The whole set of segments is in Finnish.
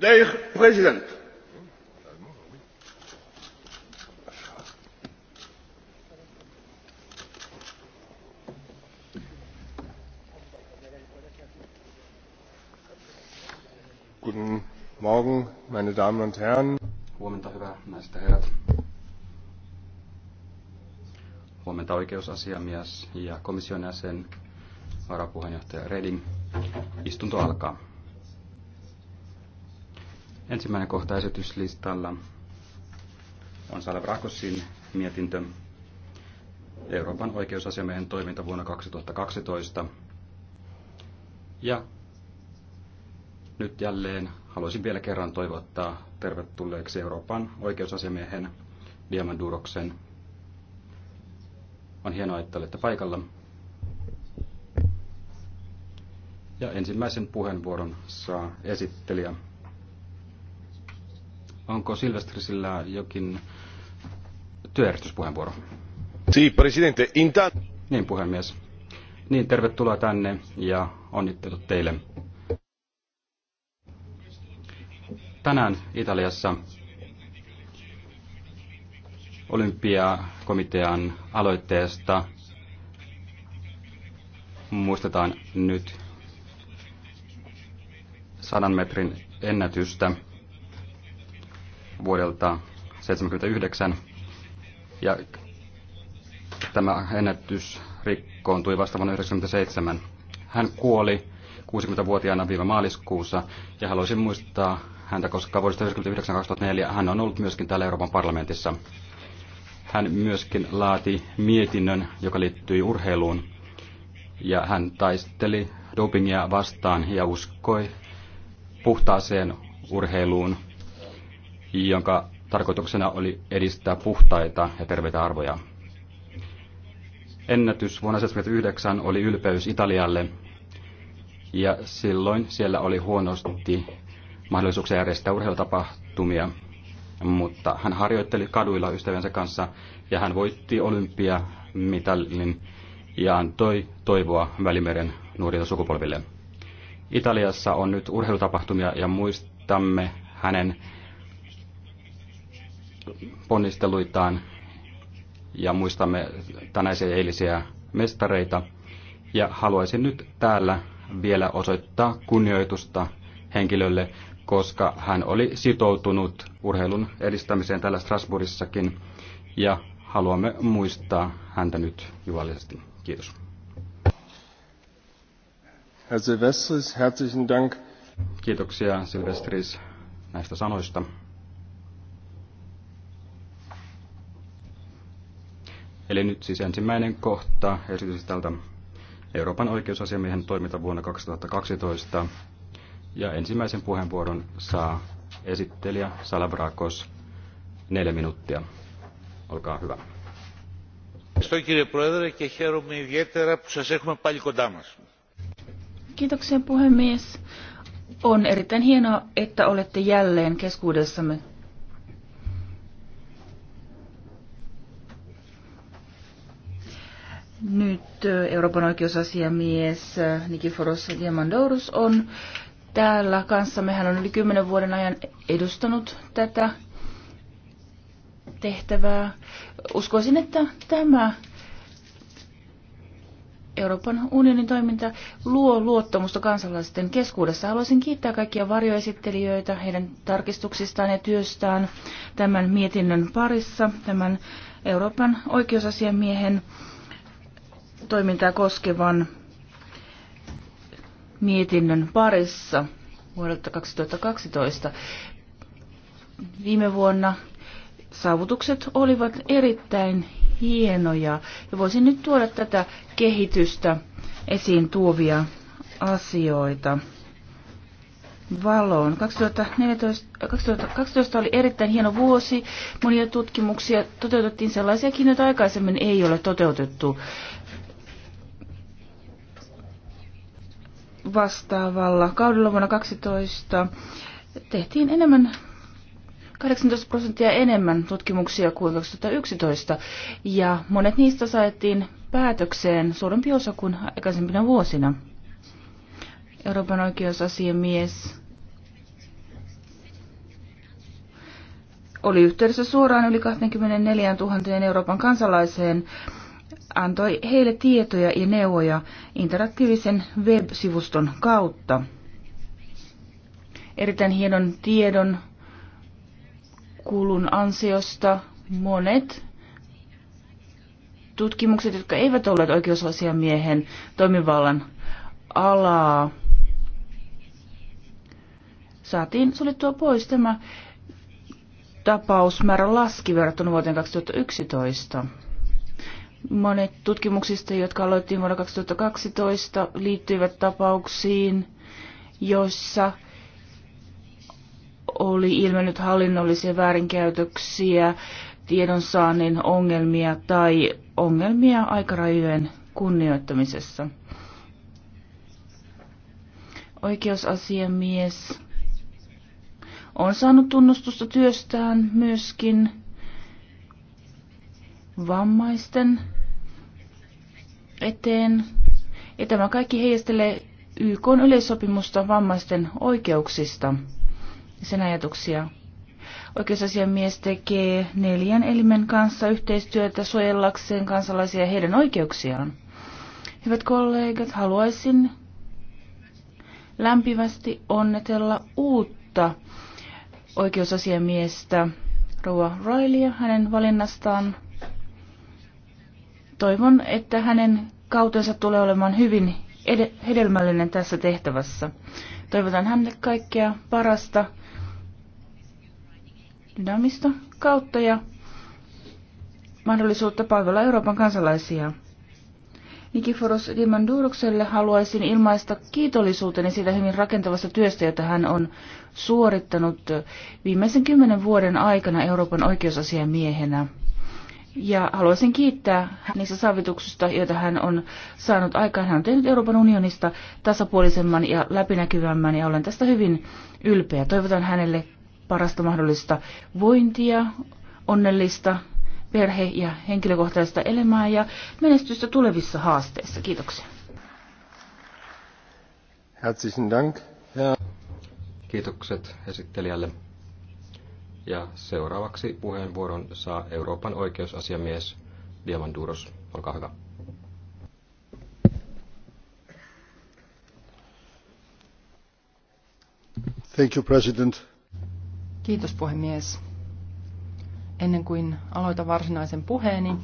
Dear President, Guten Morgen, meine Damen und Herren. Huomenta, hyvää naiset herrat. Huomenta oikeusasiamies ja komission jäsen, varapuheenjohtaja Reding. Istunto alkaa. Ensimmäinen kohta esityslistalla on Salev Rakossin mietintö Euroopan oikeusasiamiehen toiminta vuonna 2012. Ja nyt jälleen haluaisin vielä kerran toivottaa tervetulleeksi Euroopan oikeusasiamiehen Diamanduroksen. On hienoa, että olette paikalla. Ja ensimmäisen puheenvuoron saa esittelijä Onko Silvestrisillä jokin työjärjestyspuheenvuoro? Si, presidente, intan... Niin, puhemies. Niin, tervetuloa tänne ja onnittelut teille. Tänään Italiassa olympiakomitean aloitteesta muistetaan nyt sadan metrin ennätystä vuodelta 1979. Ja tämä ennätys rikkoontui vasta vuonna 1997. Hän kuoli 60-vuotiaana viime maaliskuussa ja haluaisin muistaa häntä, koska vuodesta 1999-2004 hän on ollut myöskin täällä Euroopan parlamentissa. Hän myöskin laati mietinnön, joka liittyi urheiluun ja hän taisteli dopingia vastaan ja uskoi puhtaaseen urheiluun jonka tarkoituksena oli edistää puhtaita ja terveitä arvoja. Ennätys vuonna 1979 oli ylpeys Italialle, ja silloin siellä oli huonosti mahdollisuuksia järjestää urheilutapahtumia, mutta hän harjoitteli kaduilla ystävänsä kanssa ja hän voitti olympiamitalin ja antoi toivoa Välimeren nuorille sukupolville. Italiassa on nyt urheilutapahtumia ja muistamme hänen ponnisteluitaan ja muistamme tänäisiä ja eilisiä mestareita. Ja haluaisin nyt täällä vielä osoittaa kunnioitusta henkilölle, koska hän oli sitoutunut urheilun edistämiseen täällä Strasbourgissakin ja haluamme muistaa häntä nyt juhlallisesti. Kiitos. Herr Silvestris, herzlichen Dank. Kiitoksia Silvestris näistä sanoista. Eli nyt siis ensimmäinen kohta esitys tältä Euroopan oikeusasiamiehen toiminta vuonna 2012. Ja ensimmäisen puheenvuoron saa esittelijä Salabrakos Neljä minuuttia. Olkaa hyvä. Kiitoksia puhemies. On erittäin hienoa, että olette jälleen keskuudessamme Nyt Euroopan oikeusasiamies Nikiforos Diamandouros on täällä kanssamme. Hän on yli kymmenen vuoden ajan edustanut tätä tehtävää. Uskoisin, että tämä Euroopan unionin toiminta luo luottamusta kansalaisten keskuudessa. Haluaisin kiittää kaikkia varjoesittelijöitä heidän tarkistuksistaan ja työstään tämän mietinnön parissa, tämän Euroopan oikeusasiamiehen toimintaa koskevan mietinnön parissa vuodelta 2012. Viime vuonna saavutukset olivat erittäin hienoja ja voisin nyt tuoda tätä kehitystä esiin tuovia asioita valoon. 2014, 2012 oli erittäin hieno vuosi. Monia tutkimuksia toteutettiin sellaisiakin, joita aikaisemmin ei ole toteutettu. vastaavalla kaudella vuonna 12 tehtiin enemmän 18 prosenttia enemmän tutkimuksia kuin 2011, ja monet niistä saatiin päätökseen suurempi osa kuin aikaisempina vuosina. Euroopan oikeusasiamies oli yhteydessä suoraan yli 24 000 Euroopan kansalaiseen antoi heille tietoja ja neuvoja interaktiivisen web-sivuston kautta. Erittäin hienon tiedon kulun ansiosta monet tutkimukset, jotka eivät olleet oikeusasiamiehen toimivallan alaa, saatiin suljettua pois tämä tapausmäärä laski verrattuna vuoteen 2011. Monet tutkimuksista, jotka aloittiin vuonna 2012, liittyivät tapauksiin, joissa oli ilmennyt hallinnollisia väärinkäytöksiä, tiedonsaannin ongelmia tai ongelmia aikarajojen kunnioittamisessa. Oikeusasiamies on saanut tunnustusta työstään myöskin vammaisten eteen. Ja tämä kaikki heijastelee YK yleissopimusta vammaisten oikeuksista ja sen ajatuksia. Oikeusasiamies tekee neljän elimen kanssa yhteistyötä suojellakseen kansalaisia ja heidän oikeuksiaan. Hyvät kollegat, haluaisin lämpimästi onnetella uutta oikeusasiamiestä Rua Roilia hänen valinnastaan toivon, että hänen kautensa tulee olemaan hyvin hedelmällinen tässä tehtävässä. Toivotan hänelle kaikkea parasta dynamista kautta ja mahdollisuutta palvella Euroopan kansalaisia. Nikiforos Dimandurokselle haluaisin ilmaista kiitollisuuteni siitä hyvin rakentavasta työstä, jota hän on suorittanut viimeisen kymmenen vuoden aikana Euroopan oikeusasiamiehenä. miehenä ja haluaisin kiittää niistä saavutuksista, joita hän on saanut aikaan. Hän on tehnyt Euroopan unionista tasapuolisemman ja läpinäkyvämmän ja olen tästä hyvin ylpeä. Toivotan hänelle parasta mahdollista vointia, onnellista perhe- ja henkilökohtaista elämää ja menestystä tulevissa haasteissa. Kiitoksia. Herzlichen Dank. Ja. Kiitokset esittelijälle. Ja seuraavaksi puheenvuoron saa Euroopan oikeusasiamies Diamanduros. Olkaa hyvä. Thank you, President. Kiitos puhemies. Ennen kuin aloitan varsinaisen puheeni,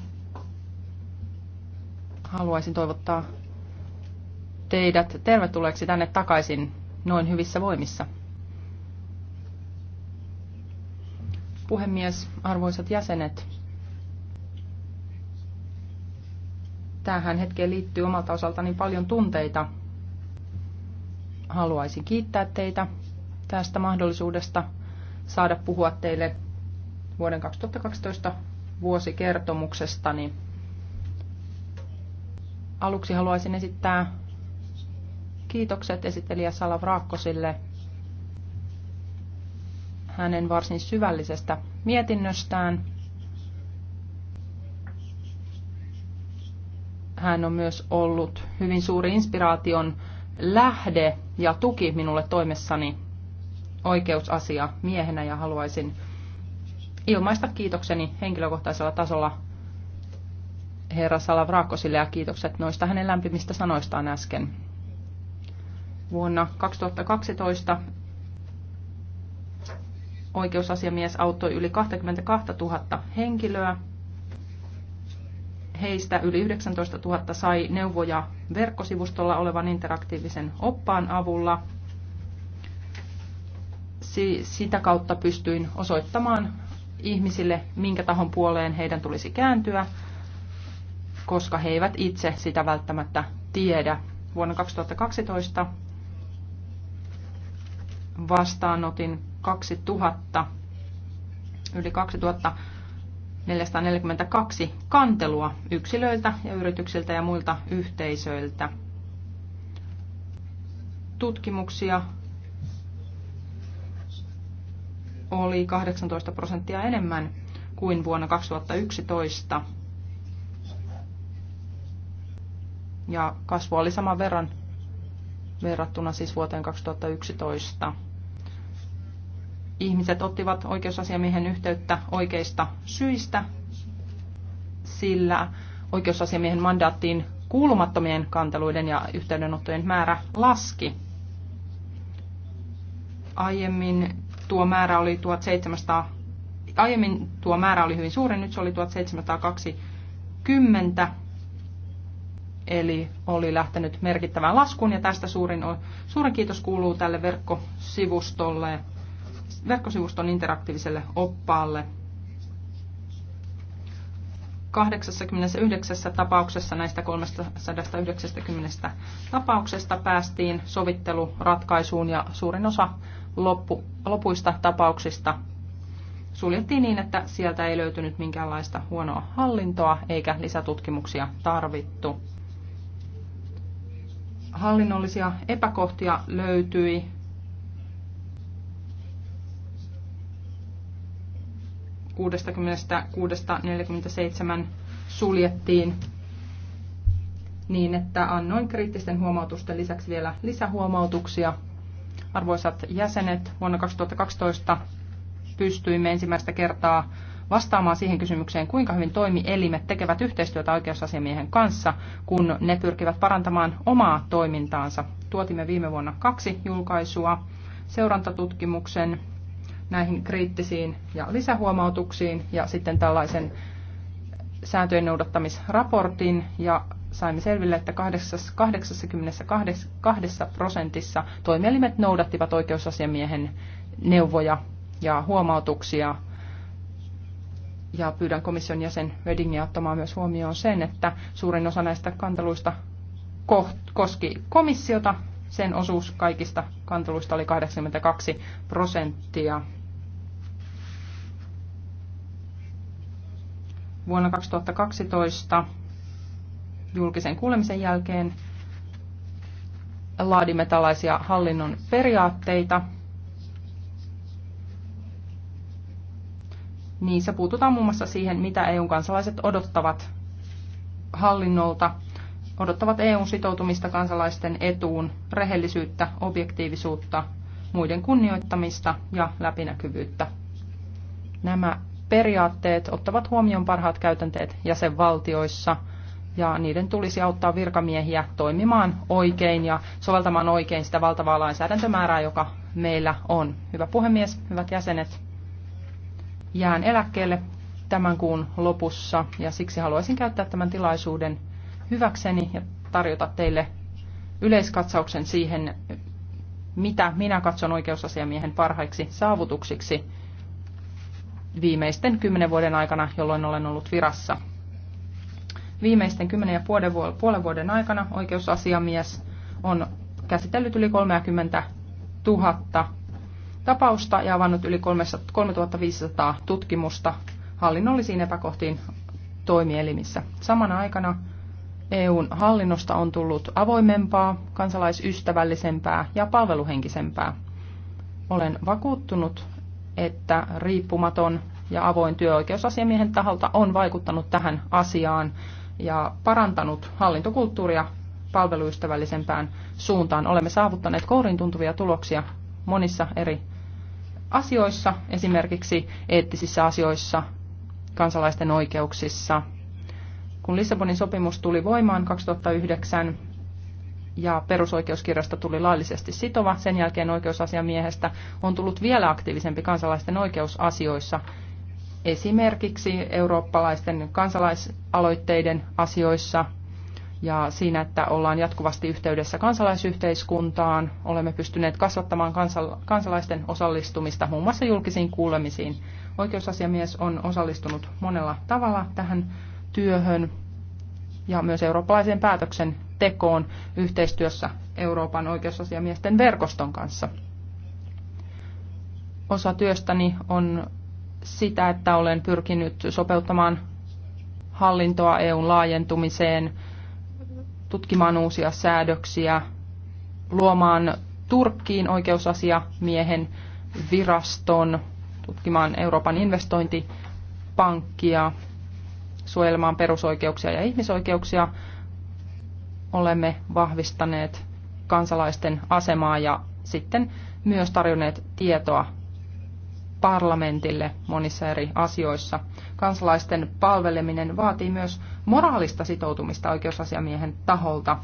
haluaisin toivottaa teidät tervetulleeksi tänne takaisin noin hyvissä voimissa. Puhemies, arvoisat jäsenet, tähän hetkeen liittyy omalta osaltani paljon tunteita. Haluaisin kiittää teitä tästä mahdollisuudesta saada puhua teille vuoden 2012 vuosikertomuksestani. Aluksi haluaisin esittää kiitokset esittelijä Salav Raakkosille hänen varsin syvällisestä mietinnöstään. Hän on myös ollut hyvin suuri inspiraation lähde ja tuki minulle toimessani oikeusasia miehenä ja haluaisin ilmaista kiitokseni henkilökohtaisella tasolla herra Salavraakosille ja kiitokset noista hänen lämpimistä sanoistaan äsken. Vuonna 2012 oikeusasiamies auttoi yli 22 000 henkilöä. Heistä yli 19 000 sai neuvoja verkkosivustolla olevan interaktiivisen oppaan avulla. Sitä kautta pystyin osoittamaan ihmisille, minkä tahon puoleen heidän tulisi kääntyä, koska he eivät itse sitä välttämättä tiedä. Vuonna 2012 vastaanotin 2000, yli 2442 kantelua yksilöiltä ja yrityksiltä ja muilta yhteisöiltä. Tutkimuksia oli 18 prosenttia enemmän kuin vuonna 2011. Ja kasvu oli saman verran verrattuna siis vuoteen 2011 ihmiset ottivat oikeusasiamiehen yhteyttä oikeista syistä, sillä oikeusasiamiehen mandaattiin kuulumattomien kanteluiden ja yhteydenottojen määrä laski. Aiemmin tuo määrä oli 1700, aiemmin tuo määrä oli hyvin suuri, nyt se oli 1720, eli oli lähtenyt merkittävään laskuun ja tästä suurin, suurin kiitos kuuluu tälle verkkosivustolle verkkosivuston interaktiiviselle oppaalle. 89 tapauksessa näistä 390 tapauksesta päästiin sovitteluratkaisuun ja suurin osa loppu, lopuista tapauksista suljettiin niin, että sieltä ei löytynyt minkäänlaista huonoa hallintoa eikä lisätutkimuksia tarvittu. Hallinnollisia epäkohtia löytyi 66-47 suljettiin niin, että annoin kriittisten huomautusten lisäksi vielä lisähuomautuksia. Arvoisat jäsenet, vuonna 2012 pystyimme ensimmäistä kertaa vastaamaan siihen kysymykseen, kuinka hyvin toimielimet tekevät yhteistyötä oikeusasiamiehen kanssa, kun ne pyrkivät parantamaan omaa toimintaansa. Tuotimme viime vuonna kaksi julkaisua, seurantatutkimuksen näihin kriittisiin ja lisähuomautuksiin ja sitten tällaisen sääntöjen noudattamisraportin ja saimme selville, että 82 prosentissa toimielimet noudattivat oikeusasiamiehen neuvoja ja huomautuksia. Ja pyydän komission jäsen Redingia ottamaan myös huomioon sen, että suurin osa näistä kanteluista koski komissiota sen osuus kaikista kanteluista oli 82 prosenttia. Vuonna 2012 julkisen kuulemisen jälkeen laadimme tällaisia hallinnon periaatteita. Niissä puututaan muun muassa siihen, mitä eu kansalaiset odottavat hallinnolta odottavat EUn sitoutumista kansalaisten etuun, rehellisyyttä, objektiivisuutta, muiden kunnioittamista ja läpinäkyvyyttä. Nämä periaatteet ottavat huomioon parhaat käytänteet jäsenvaltioissa ja niiden tulisi auttaa virkamiehiä toimimaan oikein ja soveltamaan oikein sitä valtavaa lainsäädäntömäärää, joka meillä on. Hyvä puhemies, hyvät jäsenet, jään eläkkeelle tämän kuun lopussa ja siksi haluaisin käyttää tämän tilaisuuden hyväkseni ja tarjota teille yleiskatsauksen siihen, mitä minä katson oikeusasiamiehen parhaiksi saavutuksiksi viimeisten kymmenen vuoden aikana, jolloin olen ollut virassa. Viimeisten kymmenen ja puolen vuoden aikana oikeusasiamies on käsitellyt yli 30 000 tapausta ja avannut yli 3500 tutkimusta hallinnollisiin epäkohtiin toimielimissä. Samana aikana EUn hallinnosta on tullut avoimempaa, kansalaisystävällisempää ja palveluhenkisempää. Olen vakuuttunut, että riippumaton ja avoin työoikeusasiamiehen taholta on vaikuttanut tähän asiaan ja parantanut hallintokulttuuria palveluystävällisempään suuntaan. Olemme saavuttaneet kourin tuntuvia tuloksia monissa eri asioissa, esimerkiksi eettisissä asioissa, kansalaisten oikeuksissa – kun Lissabonin sopimus tuli voimaan 2009 ja perusoikeuskirjasta tuli laillisesti sitova, sen jälkeen oikeusasiamiehestä on tullut vielä aktiivisempi kansalaisten oikeusasioissa, esimerkiksi eurooppalaisten kansalaisaloitteiden asioissa ja siinä, että ollaan jatkuvasti yhteydessä kansalaisyhteiskuntaan, olemme pystyneet kasvattamaan kansalaisten osallistumista muun muassa julkisiin kuulemisiin. Oikeusasiamies on osallistunut monella tavalla tähän työhön ja myös eurooppalaiseen päätöksentekoon yhteistyössä Euroopan oikeusasiamiesten verkoston kanssa. Osa työstäni on sitä, että olen pyrkinyt sopeuttamaan hallintoa EUn laajentumiseen, tutkimaan uusia säädöksiä, luomaan Turkkiin oikeusasiamiehen viraston, tutkimaan Euroopan investointipankkia, suojelemaan perusoikeuksia ja ihmisoikeuksia. Olemme vahvistaneet kansalaisten asemaa ja sitten myös tarjonneet tietoa parlamentille monissa eri asioissa. Kansalaisten palveleminen vaatii myös moraalista sitoutumista oikeusasiamiehen taholta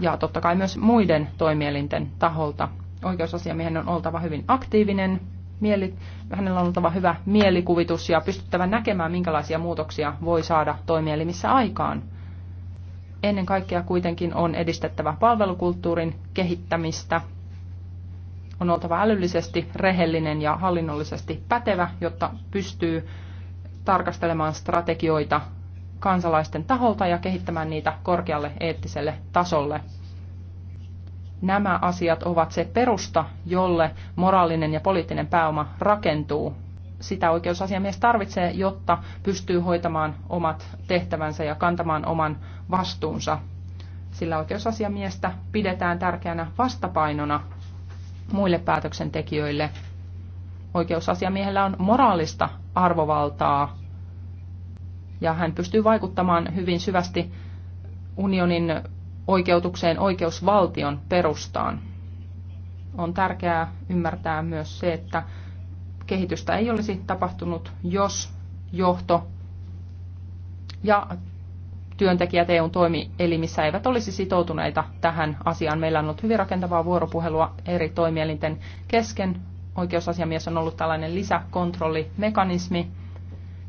ja totta kai myös muiden toimielinten taholta. Oikeusasiamiehen on oltava hyvin aktiivinen mieli, hänellä on oltava hyvä mielikuvitus ja pystyttävä näkemään, minkälaisia muutoksia voi saada toimielimissä aikaan. Ennen kaikkea kuitenkin on edistettävä palvelukulttuurin kehittämistä. On oltava älyllisesti rehellinen ja hallinnollisesti pätevä, jotta pystyy tarkastelemaan strategioita kansalaisten taholta ja kehittämään niitä korkealle eettiselle tasolle. Nämä asiat ovat se perusta, jolle moraalinen ja poliittinen pääoma rakentuu. Sitä oikeusasiamies tarvitsee, jotta pystyy hoitamaan omat tehtävänsä ja kantamaan oman vastuunsa. Sillä oikeusasiamiestä pidetään tärkeänä vastapainona muille päätöksentekijöille. Oikeusasiamiehellä on moraalista arvovaltaa ja hän pystyy vaikuttamaan hyvin syvästi unionin oikeutukseen oikeusvaltion perustaan. On tärkeää ymmärtää myös se, että kehitystä ei olisi tapahtunut, jos johto ja työntekijät EUn toimielimissä eivät olisi sitoutuneita tähän asiaan. Meillä on ollut hyvin rakentavaa vuoropuhelua eri toimielinten kesken. Oikeusasiamies on ollut tällainen lisäkontrollimekanismi.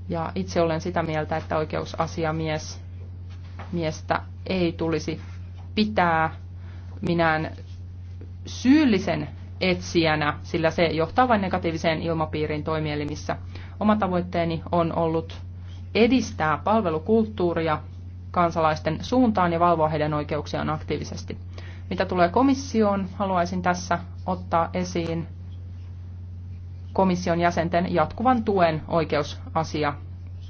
Ja itse olen sitä mieltä, että oikeusasiamies miestä ei tulisi pitää minään syyllisen etsijänä, sillä se johtaa vain negatiiviseen ilmapiiriin toimielimissä. Oma tavoitteeni on ollut edistää palvelukulttuuria kansalaisten suuntaan ja valvoa heidän oikeuksiaan aktiivisesti. Mitä tulee komissioon, haluaisin tässä ottaa esiin komission jäsenten jatkuvan tuen oikeusasia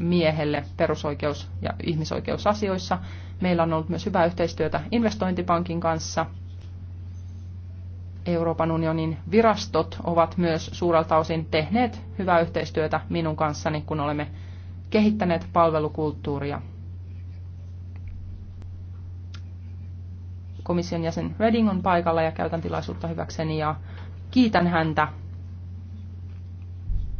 miehelle perusoikeus- ja ihmisoikeusasioissa. Meillä on ollut myös hyvää yhteistyötä investointipankin kanssa. Euroopan unionin virastot ovat myös suurelta osin tehneet hyvää yhteistyötä minun kanssani, kun olemme kehittäneet palvelukulttuuria. Komission jäsen Redding on paikalla ja käytän tilaisuutta hyväkseni ja kiitän häntä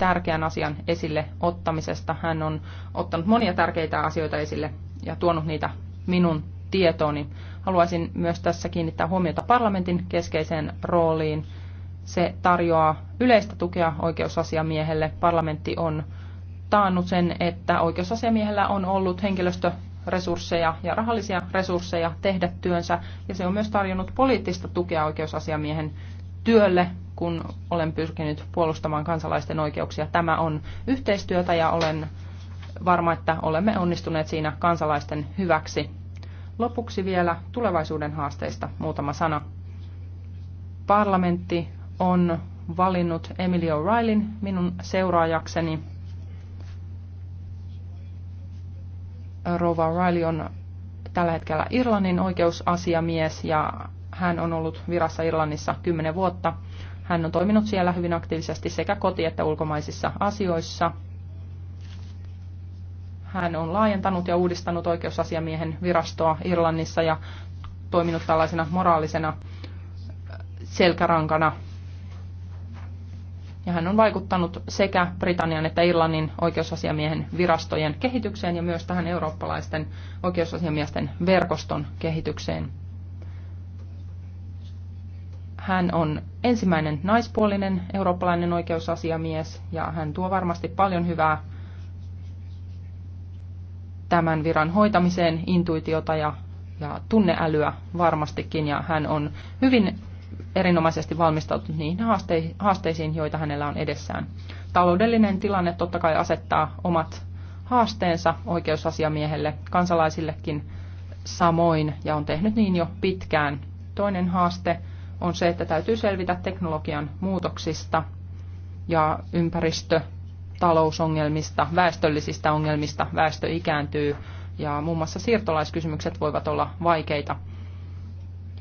tärkeän asian esille ottamisesta. Hän on ottanut monia tärkeitä asioita esille ja tuonut niitä minun tietooni. Haluaisin myös tässä kiinnittää huomiota parlamentin keskeiseen rooliin. Se tarjoaa yleistä tukea oikeusasiamiehelle. Parlamentti on taannut sen, että oikeusasiamiehellä on ollut henkilöstöresursseja ja rahallisia resursseja tehdä työnsä, ja se on myös tarjonnut poliittista tukea oikeusasiamiehen työlle kun olen pyrkinyt puolustamaan kansalaisten oikeuksia. Tämä on yhteistyötä ja olen varma, että olemme onnistuneet siinä kansalaisten hyväksi. Lopuksi vielä tulevaisuuden haasteista muutama sana. Parlamentti on valinnut Emily O'Reillyn minun seuraajakseni. Rova O'Reilly on tällä hetkellä Irlannin oikeusasiamies ja hän on ollut virassa Irlannissa kymmenen vuotta. Hän on toiminut siellä hyvin aktiivisesti sekä koti- että ulkomaisissa asioissa. Hän on laajentanut ja uudistanut oikeusasiamiehen virastoa Irlannissa ja toiminut tällaisena moraalisena selkärankana. Ja hän on vaikuttanut sekä Britannian että Irlannin oikeusasiamiehen virastojen kehitykseen ja myös tähän eurooppalaisten oikeusasiamiesten verkoston kehitykseen. Hän on ensimmäinen naispuolinen eurooppalainen oikeusasiamies ja hän tuo varmasti paljon hyvää tämän viran hoitamiseen, intuitiota ja, ja tunneälyä varmastikin. Ja hän on hyvin erinomaisesti valmistautunut niihin haasteisiin, joita hänellä on edessään. Taloudellinen tilanne totta kai asettaa omat haasteensa oikeusasiamiehelle, kansalaisillekin samoin, ja on tehnyt niin jo pitkään. Toinen haaste on se, että täytyy selvitä teknologian muutoksista ja ympäristö, talousongelmista, väestöllisistä ongelmista, väestö ikääntyy ja muun muassa siirtolaiskysymykset voivat olla vaikeita.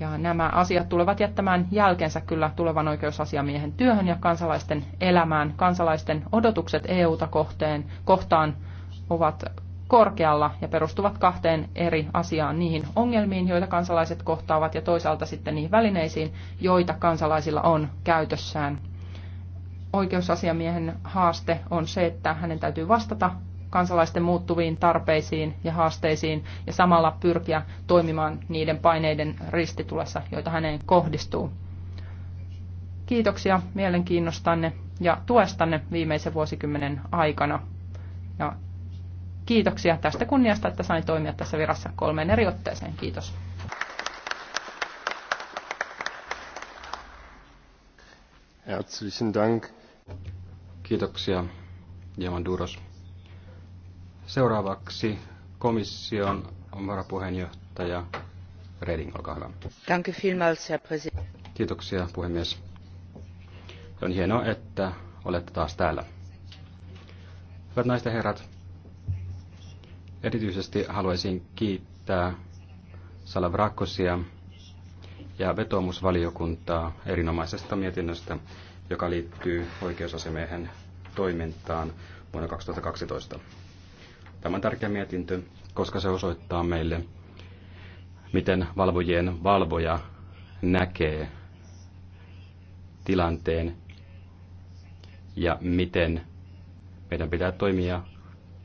Ja nämä asiat tulevat jättämään jälkensä kyllä tulevan oikeusasiamiehen työhön ja kansalaisten elämään. Kansalaisten odotukset EU-ta kohteen, kohtaan ovat korkealla ja perustuvat kahteen eri asiaan, niihin ongelmiin, joita kansalaiset kohtaavat ja toisaalta sitten niihin välineisiin, joita kansalaisilla on käytössään. Oikeusasiamiehen haaste on se, että hänen täytyy vastata kansalaisten muuttuviin tarpeisiin ja haasteisiin ja samalla pyrkiä toimimaan niiden paineiden ristitulessa, joita häneen kohdistuu. Kiitoksia mielenkiinnostanne ja tuestanne viimeisen vuosikymmenen aikana. Ja kiitoksia tästä kunniasta, että sain toimia tässä virassa kolmeen eri otteeseen. Kiitos. Herzlichen Dank. Kiitoksia, Diamanduros. Seuraavaksi komission varapuheenjohtaja Reding, olkaa hyvä. Danke vielmals, Herr Präsident. Kiitoksia, puhemies. On hienoa, että olette taas täällä. Hyvät naiset ja herrat, Erityisesti haluaisin kiittää Salavrakosia ja vetoomusvaliokuntaa erinomaisesta mietinnöstä, joka liittyy oikeusasemiehen toimintaan vuonna 2012. Tämä on tärkeä mietintö, koska se osoittaa meille, miten valvojien valvoja näkee tilanteen ja miten meidän pitää toimia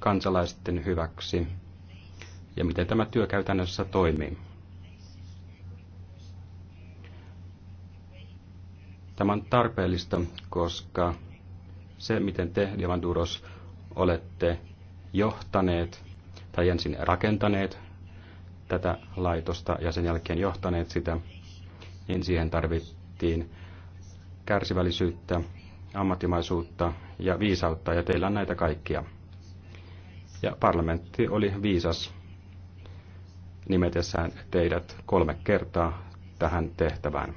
kansalaisten hyväksi ja miten tämä työ käytännössä toimii. Tämä on tarpeellista, koska se, miten te, Diamanduros, olette johtaneet tai ensin rakentaneet tätä laitosta ja sen jälkeen johtaneet sitä, niin siihen tarvittiin kärsivällisyyttä, ammattimaisuutta ja viisautta, ja teillä on näitä kaikkia. Ja parlamentti oli viisas nimetessään teidät kolme kertaa tähän tehtävään.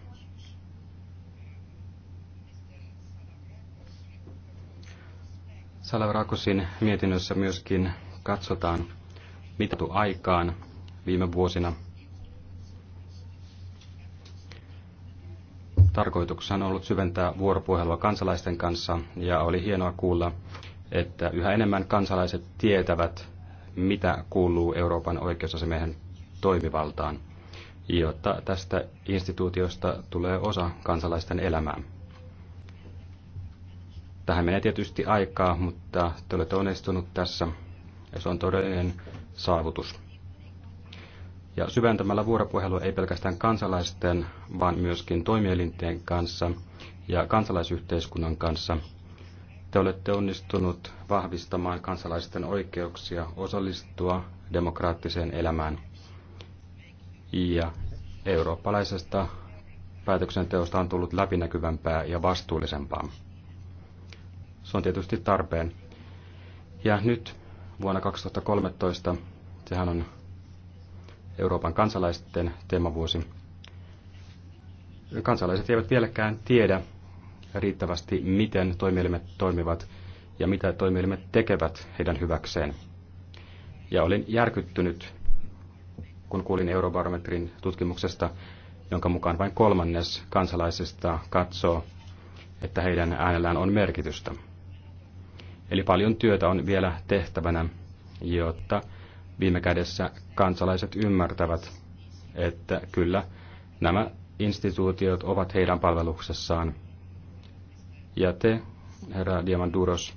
Salavrakosin mietinnössä myöskin katsotaan mitatu aikaan viime vuosina. Tarkoituksena on ollut syventää vuoropuhelua kansalaisten kanssa ja oli hienoa kuulla, että yhä enemmän kansalaiset tietävät, mitä kuuluu Euroopan oikeusasemiehen toimivaltaan, jotta tästä instituutiosta tulee osa kansalaisten elämää. Tähän menee tietysti aikaa, mutta te olette onnistunut tässä ja se on todellinen saavutus. Ja syventämällä vuoropuhelu ei pelkästään kansalaisten, vaan myöskin toimielinten kanssa ja kansalaisyhteiskunnan kanssa – te olette onnistunut vahvistamaan kansalaisten oikeuksia osallistua demokraattiseen elämään. Ja eurooppalaisesta päätöksenteosta on tullut läpinäkyvämpää ja vastuullisempaa. Se on tietysti tarpeen. Ja nyt vuonna 2013, sehän on Euroopan kansalaisten teemavuosi, kansalaiset eivät vieläkään tiedä, riittävästi, miten toimielimet toimivat ja mitä toimielimet tekevät heidän hyväkseen. Ja olin järkyttynyt, kun kuulin Eurobarometrin tutkimuksesta, jonka mukaan vain kolmannes kansalaisista katsoo, että heidän äänellään on merkitystä. Eli paljon työtä on vielä tehtävänä, jotta viime kädessä kansalaiset ymmärtävät, että kyllä nämä instituutiot ovat heidän palveluksessaan ja te, herra Diamanduros,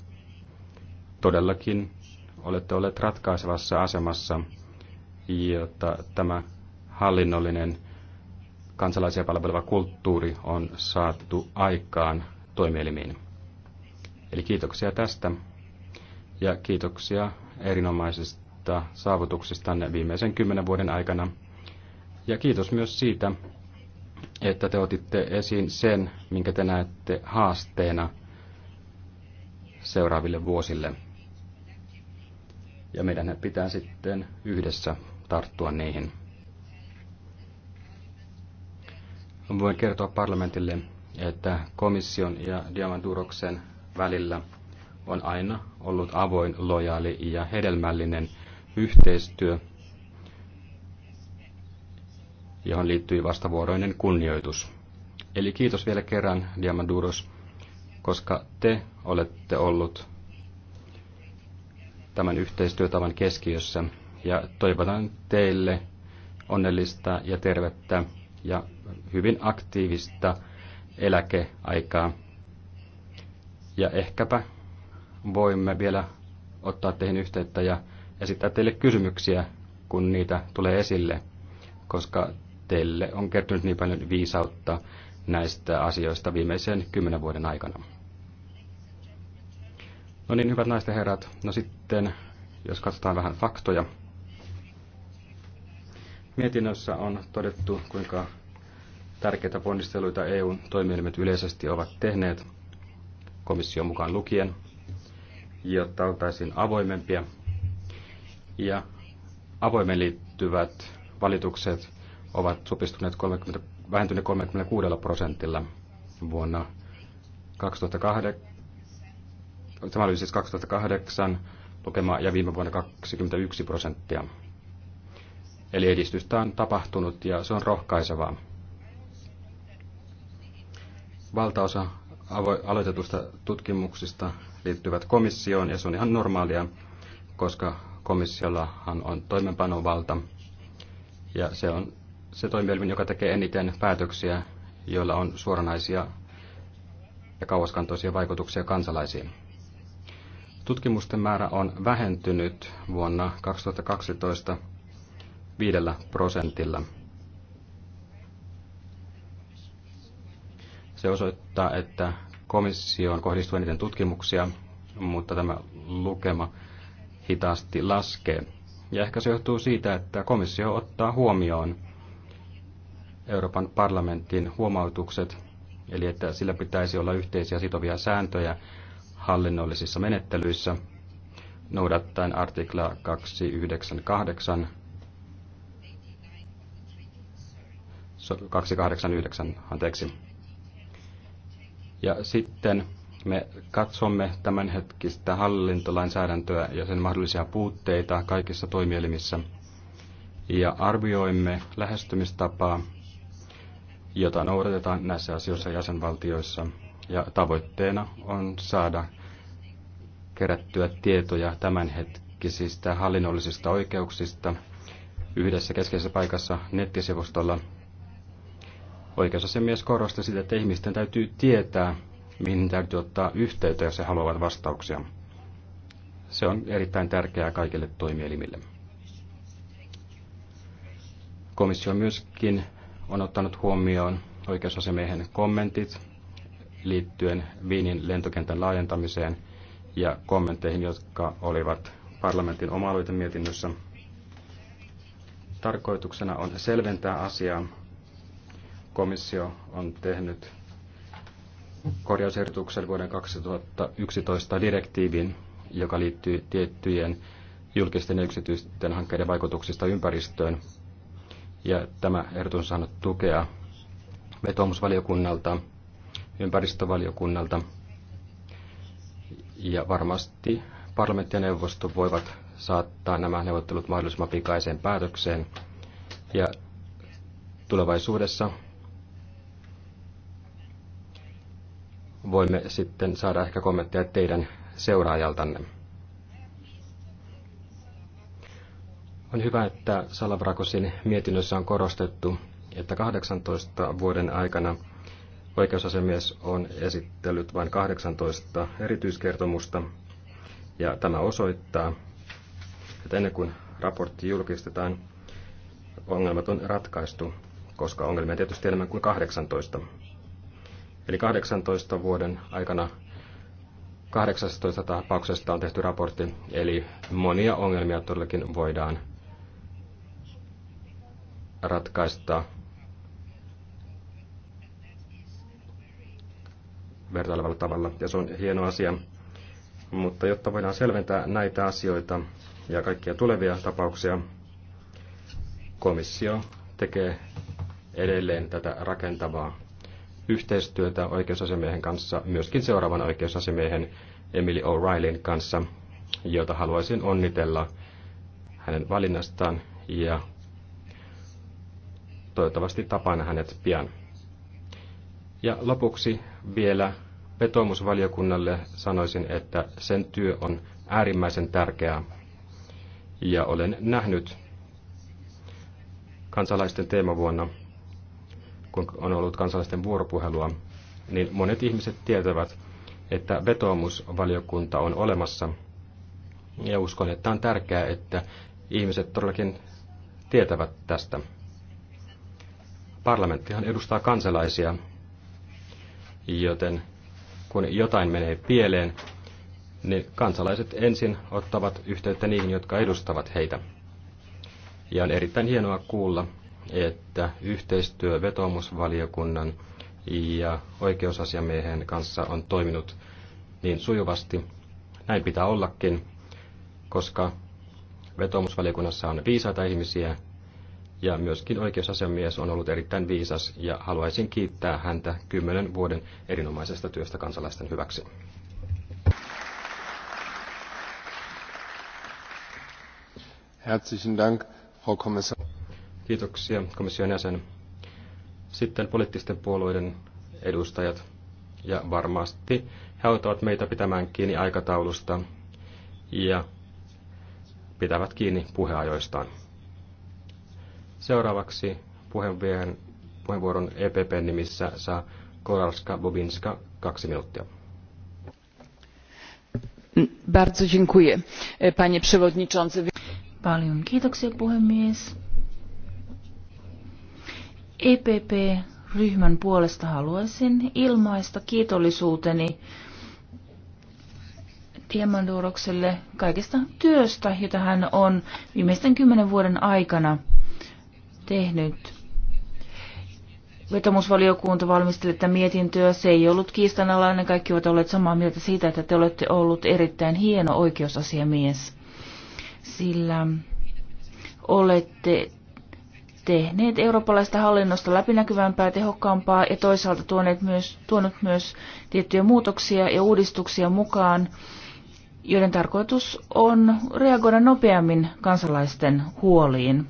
todellakin olette olleet ratkaisevassa asemassa, jotta tämä hallinnollinen kansalaisia palveleva kulttuuri on saatu aikaan toimielimiin. Eli kiitoksia tästä ja kiitoksia erinomaisista saavutuksistanne viimeisen kymmenen vuoden aikana. Ja kiitos myös siitä, että te otitte esiin sen, minkä te näette haasteena seuraaville vuosille. Ja meidän pitää sitten yhdessä tarttua niihin. Voin kertoa parlamentille, että komission ja Diamanduroksen välillä on aina ollut avoin, lojaali ja hedelmällinen yhteistyö – johon liittyi vastavuoroinen kunnioitus. Eli kiitos vielä kerran, Diamanduros, koska te olette ollut tämän yhteistyötavan keskiössä ja toivotan teille onnellista ja tervettä ja hyvin aktiivista eläkeaikaa. Ja ehkäpä voimme vielä ottaa teihin yhteyttä ja esittää teille kysymyksiä, kun niitä tulee esille, koska teille on kertynyt niin paljon viisautta näistä asioista viimeisen kymmenen vuoden aikana. No niin, hyvät naisten herrat. No sitten, jos katsotaan vähän faktoja. Mietinnössä on todettu, kuinka tärkeitä ponnisteluita EUn toimielimet yleisesti ovat tehneet, komission mukaan lukien, jotta oltaisiin avoimempia. Ja avoimen liittyvät valitukset ovat supistuneet 30, vähentyneet 36 prosentilla vuonna 2008. Tämä oli siis 2008 lukema ja viime vuonna 21 prosenttia. Eli edistystä on tapahtunut ja se on rohkaisevaa. Valtaosa aloitetusta tutkimuksista liittyvät komissioon ja se on ihan normaalia, koska komissiollahan on toimenpanovalta ja se on se toimielin, joka tekee eniten päätöksiä, joilla on suoranaisia ja kauaskantoisia vaikutuksia kansalaisiin. Tutkimusten määrä on vähentynyt vuonna 2012 viidellä prosentilla. Se osoittaa, että komissioon kohdistuu eniten tutkimuksia, mutta tämä lukema hitaasti laskee. Ja ehkä se johtuu siitä, että komissio ottaa huomioon Euroopan parlamentin huomautukset, eli että sillä pitäisi olla yhteisiä sitovia sääntöjä hallinnollisissa menettelyissä, noudattaen artiklaa 298 289, anteeksi. Ja sitten me katsomme tämänhetkistä hallintolainsäädäntöä ja sen mahdollisia puutteita kaikissa toimielimissä ja arvioimme lähestymistapaa, jota noudatetaan näissä asioissa jäsenvaltioissa. Ja tavoitteena on saada kerättyä tietoja tämänhetkisistä hallinnollisista oikeuksista yhdessä keskeisessä paikassa nettisivustolla. Oikeusasiamies korosti sitä, että ihmisten täytyy tietää, mihin täytyy ottaa yhteyttä, jos he haluavat vastauksia. Se on erittäin tärkeää kaikille toimielimille. Komissio myöskin on ottanut huomioon oikeusasiamiehen kommentit liittyen Viinin lentokentän laajentamiseen ja kommentteihin, jotka olivat parlamentin oma mietinnössä. Tarkoituksena on selventää asiaa. Komissio on tehnyt korjausehdotuksen vuoden 2011 direktiivin, joka liittyy tiettyjen julkisten ja yksityisten hankkeiden vaikutuksista ympäristöön ja tämä ehdotus on saanut tukea vetomusvaliokunnalta, ympäristövaliokunnalta ja varmasti parlamentti ja neuvosto voivat saattaa nämä neuvottelut mahdollisimman pikaiseen päätökseen ja tulevaisuudessa voimme sitten saada ehkä kommentteja teidän seuraajaltanne. On hyvä, että Salavrakosin mietinnössä on korostettu, että 18 vuoden aikana oikeusasemies on esitellyt vain 18 erityiskertomusta, ja tämä osoittaa, että ennen kuin raportti julkistetaan, ongelmat on ratkaistu, koska ongelmia tietysti enemmän kuin 18. Eli 18 vuoden aikana 18 tapauksesta on tehty raportti, eli monia ongelmia todellakin voidaan ratkaista vertailevalla tavalla, ja se on hieno asia. Mutta jotta voidaan selventää näitä asioita ja kaikkia tulevia tapauksia, komissio tekee edelleen tätä rakentavaa yhteistyötä oikeusasiamiehen kanssa, myöskin seuraavan oikeusasiamiehen Emily O'Reillyn kanssa, jota haluaisin onnitella hänen valinnastaan ja Toivottavasti tapaan hänet pian. Ja lopuksi vielä vetoomusvaliokunnalle sanoisin, että sen työ on äärimmäisen tärkeää. Ja olen nähnyt kansalaisten teemavuonna, kun on ollut kansalaisten vuoropuhelua, niin monet ihmiset tietävät, että vetoomusvaliokunta on olemassa. Ja uskon, että on tärkeää, että ihmiset todellakin tietävät tästä parlamenttihan edustaa kansalaisia, joten kun jotain menee pieleen, niin kansalaiset ensin ottavat yhteyttä niihin, jotka edustavat heitä. Ja on erittäin hienoa kuulla, että yhteistyö vetomusvaliokunnan ja oikeusasiamiehen kanssa on toiminut niin sujuvasti. Näin pitää ollakin, koska vetomusvaliokunnassa on viisaita ihmisiä, ja myöskin oikeusasiamies on ollut erittäin viisas ja haluaisin kiittää häntä kymmenen vuoden erinomaisesta työstä kansalaisten hyväksi. Herzlichen Dank, Frau Kommissar. Kiitoksia komission jäsen. Sitten poliittisten puolueiden edustajat ja varmasti he auttavat meitä pitämään kiinni aikataulusta ja pitävät kiinni puheajoistaan. Seuraavaksi puheenvuoron, puheenvuoron EPP nimissä saa Koralska Bobinska kaksi minuuttia. Bardzo dziękuję, panie przewodniczący. Paljon kiitoksia puhemies. EPP-ryhmän puolesta haluaisin ilmaista kiitollisuuteni Diamandourokselle kaikesta työstä, jota hän on viimeisten kymmenen vuoden aikana – tehnyt. Vetomusvaliokunta valmisteli tätä mietintöä. Se ei ollut kiistanalainen. Kaikki ovat olleet samaa mieltä siitä, että te olette ollut erittäin hieno oikeusasiamies, sillä olette tehneet eurooppalaista hallinnosta läpinäkyvämpää, tehokkaampaa ja toisaalta tuoneet myös, tuonut myös tiettyjä muutoksia ja uudistuksia mukaan, joiden tarkoitus on reagoida nopeammin kansalaisten huoliin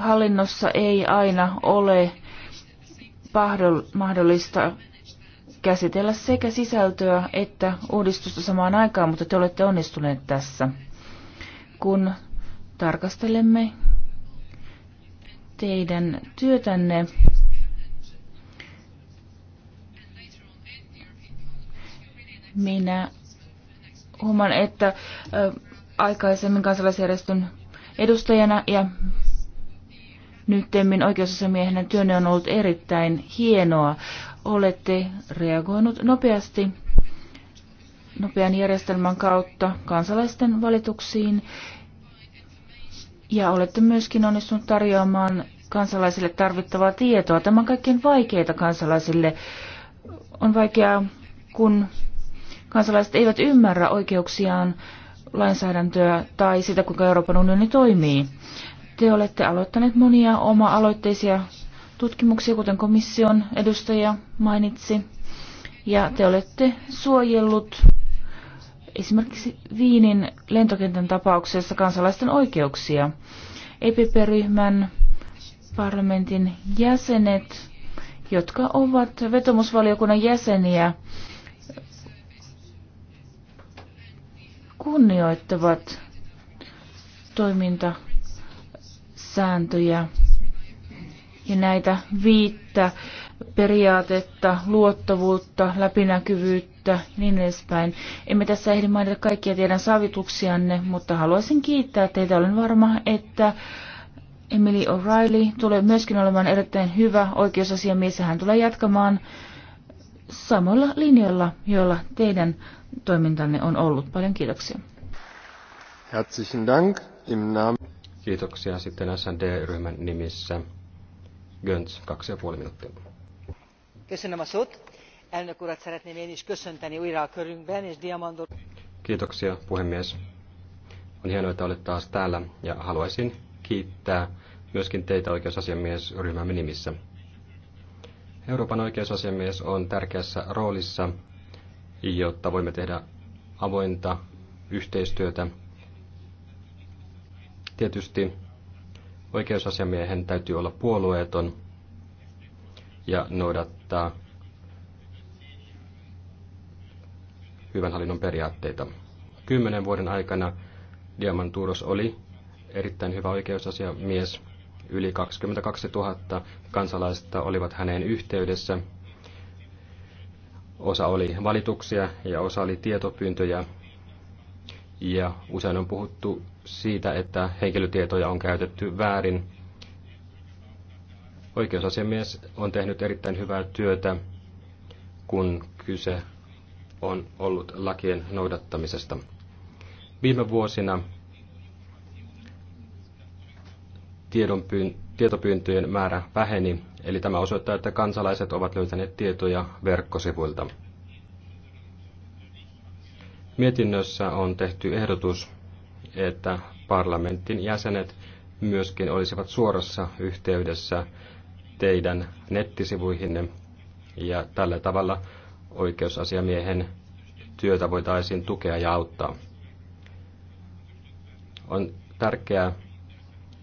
hallinnossa ei aina ole mahdollista käsitellä sekä sisältöä että uudistusta samaan aikaan, mutta te olette onnistuneet tässä. Kun tarkastelemme teidän työtänne, minä huomaan, että aikaisemmin kansalaisjärjestön edustajana ja nyttemmin oikeusasiamiehenä työnne on ollut erittäin hienoa. Olette reagoinut nopeasti nopean järjestelmän kautta kansalaisten valituksiin ja olette myöskin onnistunut tarjoamaan kansalaisille tarvittavaa tietoa. Tämä on kaikkein vaikeita kansalaisille. On vaikeaa, kun kansalaiset eivät ymmärrä oikeuksiaan, lainsäädäntöä tai sitä, kuinka Euroopan unioni toimii. Te olette aloittaneet monia oma-aloitteisia tutkimuksia, kuten komission edustaja mainitsi. Ja te olette suojellut esimerkiksi Viinin lentokentän tapauksessa kansalaisten oikeuksia. EPP-ryhmän parlamentin jäsenet, jotka ovat vetomusvaliokunnan jäseniä, kunnioittavat toiminta sääntöjä ja näitä viittä periaatetta, luottavuutta, läpinäkyvyyttä ja niin edespäin. Emme tässä ehdi mainita kaikkia teidän saavituksianne, mutta haluaisin kiittää teitä. Olen varma, että Emily O'Reilly tulee myöskin olemaan erittäin hyvä oikeusasiamies ja hän tulee jatkamaan samoilla linjoilla, joilla teidän toimintanne on ollut. Paljon kiitoksia. Herzlichen Dank. Im Namen Kiitoksia sitten SND-ryhmän nimissä. Gönts, kaksi ja puoli minuuttia. Köszönöm a szót. Elnök urat szeretném én is köszönteni újra a körünkben, és Diamandor... Kiitoksia, puhemies. On hienoa, että olet taas täällä ja haluaisin kiittää myöskin teitä oikeusasiamiesryhmämme nimissä. Euroopan oikeusasiamies on tärkeässä roolissa, jotta voimme tehdä avointa yhteistyötä Tietysti oikeusasiamiehen täytyy olla puolueeton ja noudattaa hyvän hallinnon periaatteita. Kymmenen vuoden aikana Diamanturos oli erittäin hyvä oikeusasiamies. Yli 22 000 kansalaista olivat häneen yhteydessä. Osa oli valituksia ja osa oli tietopyyntöjä ja usein on puhuttu siitä, että henkilötietoja on käytetty väärin. Oikeusasiamies on tehnyt erittäin hyvää työtä, kun kyse on ollut lakien noudattamisesta. Viime vuosina tiedonpyyn, tietopyyntöjen määrä väheni, eli tämä osoittaa, että kansalaiset ovat löytäneet tietoja verkkosivuilta. Mietinnössä on tehty ehdotus, että parlamentin jäsenet myöskin olisivat suorassa yhteydessä teidän nettisivuihinne ja tällä tavalla oikeusasiamiehen työtä voitaisiin tukea ja auttaa. On tärkeää,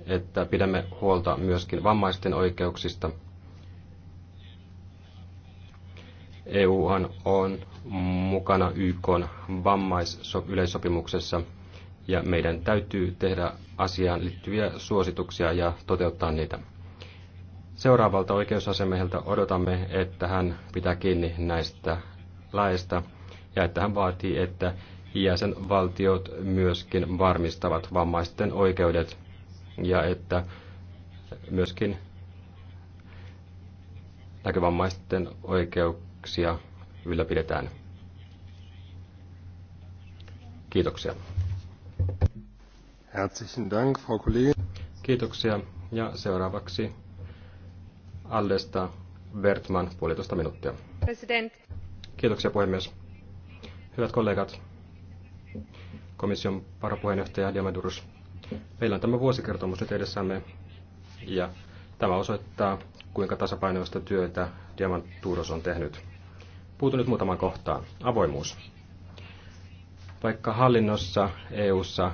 että pidämme huolta myöskin vammaisten oikeuksista – EUhan on mukana YK vammaisyleissopimuksessa ja meidän täytyy tehdä asiaan liittyviä suosituksia ja toteuttaa niitä. Seuraavalta oikeusasemieheltä odotamme, että hän pitää kiinni näistä laeista ja että hän vaatii, että jäsenvaltiot myöskin varmistavat vammaisten oikeudet ja että myöskin näkövammaisten oikeuksia oikeuksia ylläpidetään. Kiitoksia. Herzlichen Dank, Frau Kollegin. Kiitoksia. Ja seuraavaksi Allesta Bertman, puolitoista minuuttia. President. Kiitoksia puhemies. Hyvät kollegat, komission varapuheenjohtaja Diamandurus, meillä on tämä vuosikertomus nyt edessämme ja tämä osoittaa, kuinka tasapainoista työtä Diamandurus on tehnyt. Puutun nyt muutamaan kohtaan. Avoimuus. Vaikka hallinnossa EU:ssa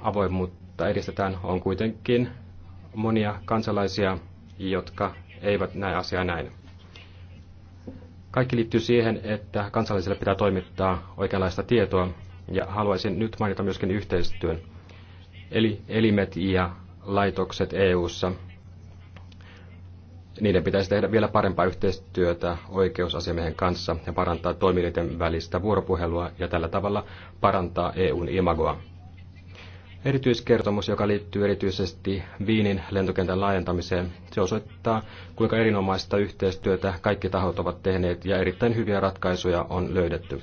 avoimuutta edistetään, on kuitenkin monia kansalaisia, jotka eivät näe asiaa näin. Kaikki liittyy siihen, että kansalaisille pitää toimittaa oikeanlaista tietoa, ja haluaisin nyt mainita myöskin yhteistyön. Eli elimet ja laitokset EU:ssa niiden pitäisi tehdä vielä parempaa yhteistyötä oikeusasiamiehen kanssa ja parantaa toimijoiden välistä vuoropuhelua ja tällä tavalla parantaa EUn imagoa. Erityiskertomus, joka liittyy erityisesti Viinin lentokentän laajentamiseen, se osoittaa, kuinka erinomaista yhteistyötä kaikki tahot ovat tehneet ja erittäin hyviä ratkaisuja on löydetty.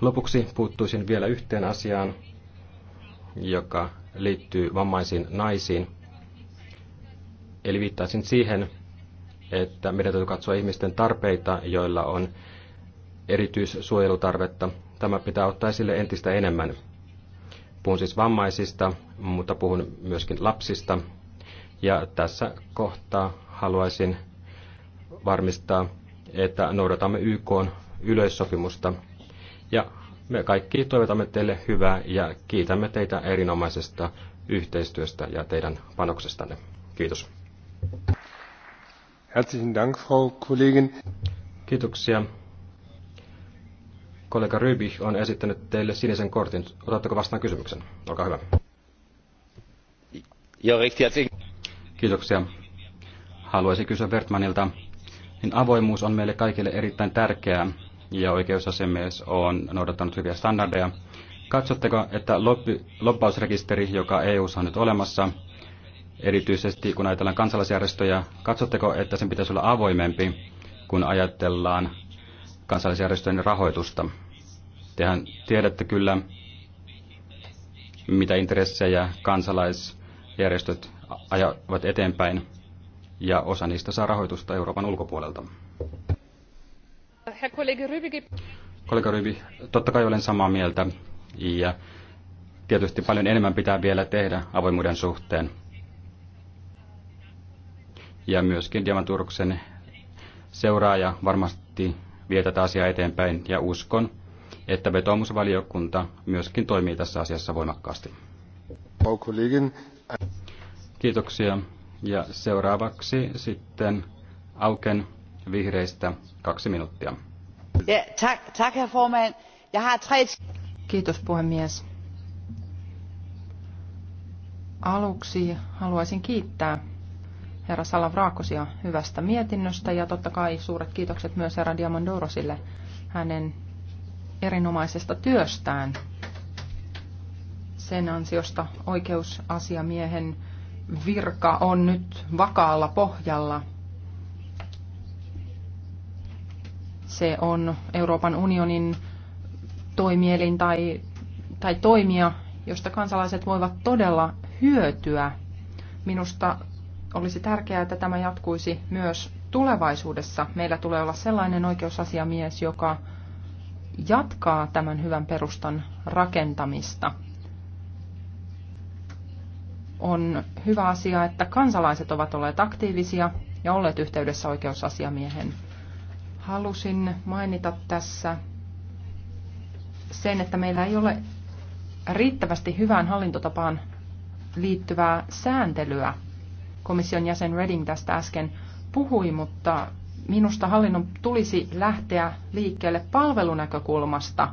Lopuksi puuttuisin vielä yhteen asiaan, joka liittyy vammaisiin naisiin Eli viittaisin siihen, että meidän täytyy katsoa ihmisten tarpeita, joilla on erityissuojelutarvetta. Tämä pitää ottaa esille entistä enemmän. Puhun siis vammaisista, mutta puhun myöskin lapsista. Ja tässä kohtaa haluaisin varmistaa, että noudatamme YK yleissopimusta. Ja me kaikki toivotamme teille hyvää ja kiitämme teitä erinomaisesta yhteistyöstä ja teidän panoksestanne. Kiitos. Herzlichen Dank, Frau Kollegin. Kiitoksia. Kollega Ryby on esittänyt teille sinisen kortin. Otatteko vastaan kysymyksen? Olkaa hyvä. Joo, Kiitoksia. Haluaisin kysyä Bertmanilta, niin avoimuus on meille kaikille erittäin tärkeää ja oikeusasiamies on noudattanut hyviä standardeja. Katsotteko, että lobbausrekisteri, joka EU:ssa on nyt olemassa, erityisesti kun ajatellaan kansalaisjärjestöjä, katsotteko, että sen pitäisi olla avoimempi, kun ajatellaan kansalaisjärjestöjen rahoitusta? Tehän tiedätte kyllä, mitä intressejä kansalaisjärjestöt ajavat eteenpäin, ja osa niistä saa rahoitusta Euroopan ulkopuolelta. Kollega Ryby, totta kai olen samaa mieltä, ja tietysti paljon enemmän pitää vielä tehdä avoimuuden suhteen ja myöskin Diamanturksen seuraaja varmasti vie tätä asiaa eteenpäin ja uskon, että vetoomusvaliokunta myöskin toimii tässä asiassa voimakkaasti. Kiitoksia. Ja seuraavaksi sitten Auken vihreistä kaksi minuuttia. Kiitos puhemies. Aluksi haluaisin kiittää herra Salavraakosia hyvästä mietinnöstä ja totta kai suuret kiitokset myös herra Diamandorosille hänen erinomaisesta työstään. Sen ansiosta oikeusasiamiehen virka on nyt vakaalla pohjalla. Se on Euroopan unionin toimielin tai, tai toimija, josta kansalaiset voivat todella hyötyä. Minusta olisi tärkeää, että tämä jatkuisi myös tulevaisuudessa. Meillä tulee olla sellainen oikeusasiamies, joka jatkaa tämän hyvän perustan rakentamista. On hyvä asia, että kansalaiset ovat olleet aktiivisia ja olleet yhteydessä oikeusasiamiehen. Halusin mainita tässä sen, että meillä ei ole riittävästi hyvään hallintotapaan liittyvää sääntelyä komission jäsen Redding tästä äsken puhui, mutta minusta hallinnon tulisi lähteä liikkeelle palvelunäkökulmasta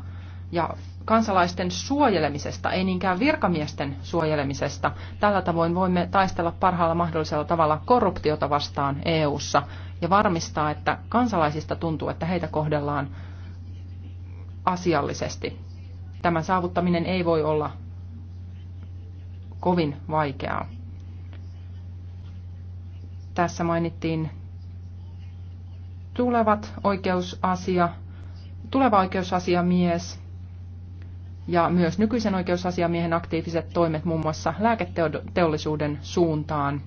ja kansalaisten suojelemisesta, ei niinkään virkamiesten suojelemisesta. Tällä tavoin voimme taistella parhaalla mahdollisella tavalla korruptiota vastaan EU:ssa ja varmistaa, että kansalaisista tuntuu, että heitä kohdellaan asiallisesti. Tämän saavuttaminen ei voi olla kovin vaikeaa. Tässä mainittiin tulevat oikeusasia, tuleva oikeusasiamies ja myös nykyisen oikeusasiamiehen aktiiviset toimet muun muassa lääketeollisuuden suuntaan.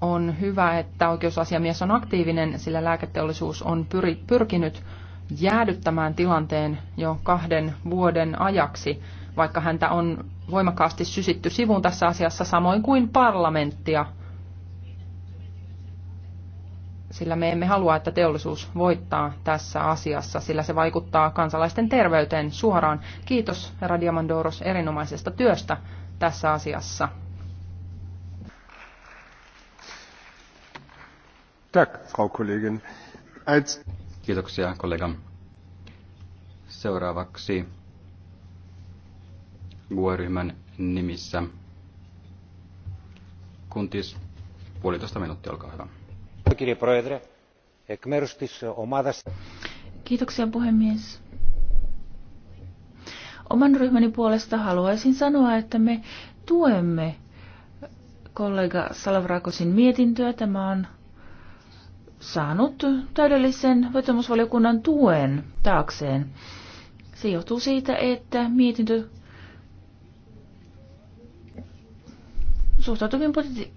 On hyvä, että oikeusasiamies on aktiivinen, sillä lääketeollisuus on pyri, pyrkinyt jäädyttämään tilanteen jo kahden vuoden ajaksi vaikka häntä on voimakkaasti sysitty sivuun tässä asiassa, samoin kuin parlamenttia, sillä me emme halua, että teollisuus voittaa tässä asiassa, sillä se vaikuttaa kansalaisten terveyteen suoraan. Kiitos, Radiamandoros, erinomaisesta työstä tässä asiassa. Tack, Frau Kollegin. Kiitoksia, kollega. Seuraavaksi GUE-ryhmän nimissä. Kuntis, puolitoista minuuttia, olkaa hyvä. Kiitoksia puhemies. Oman ryhmäni puolesta haluaisin sanoa, että me tuemme kollega Salavrakosin mietintöä. Tämä on saanut täydellisen vetomusvaliokunnan tuen taakseen. Se johtuu siitä, että mietintö suhtautuvin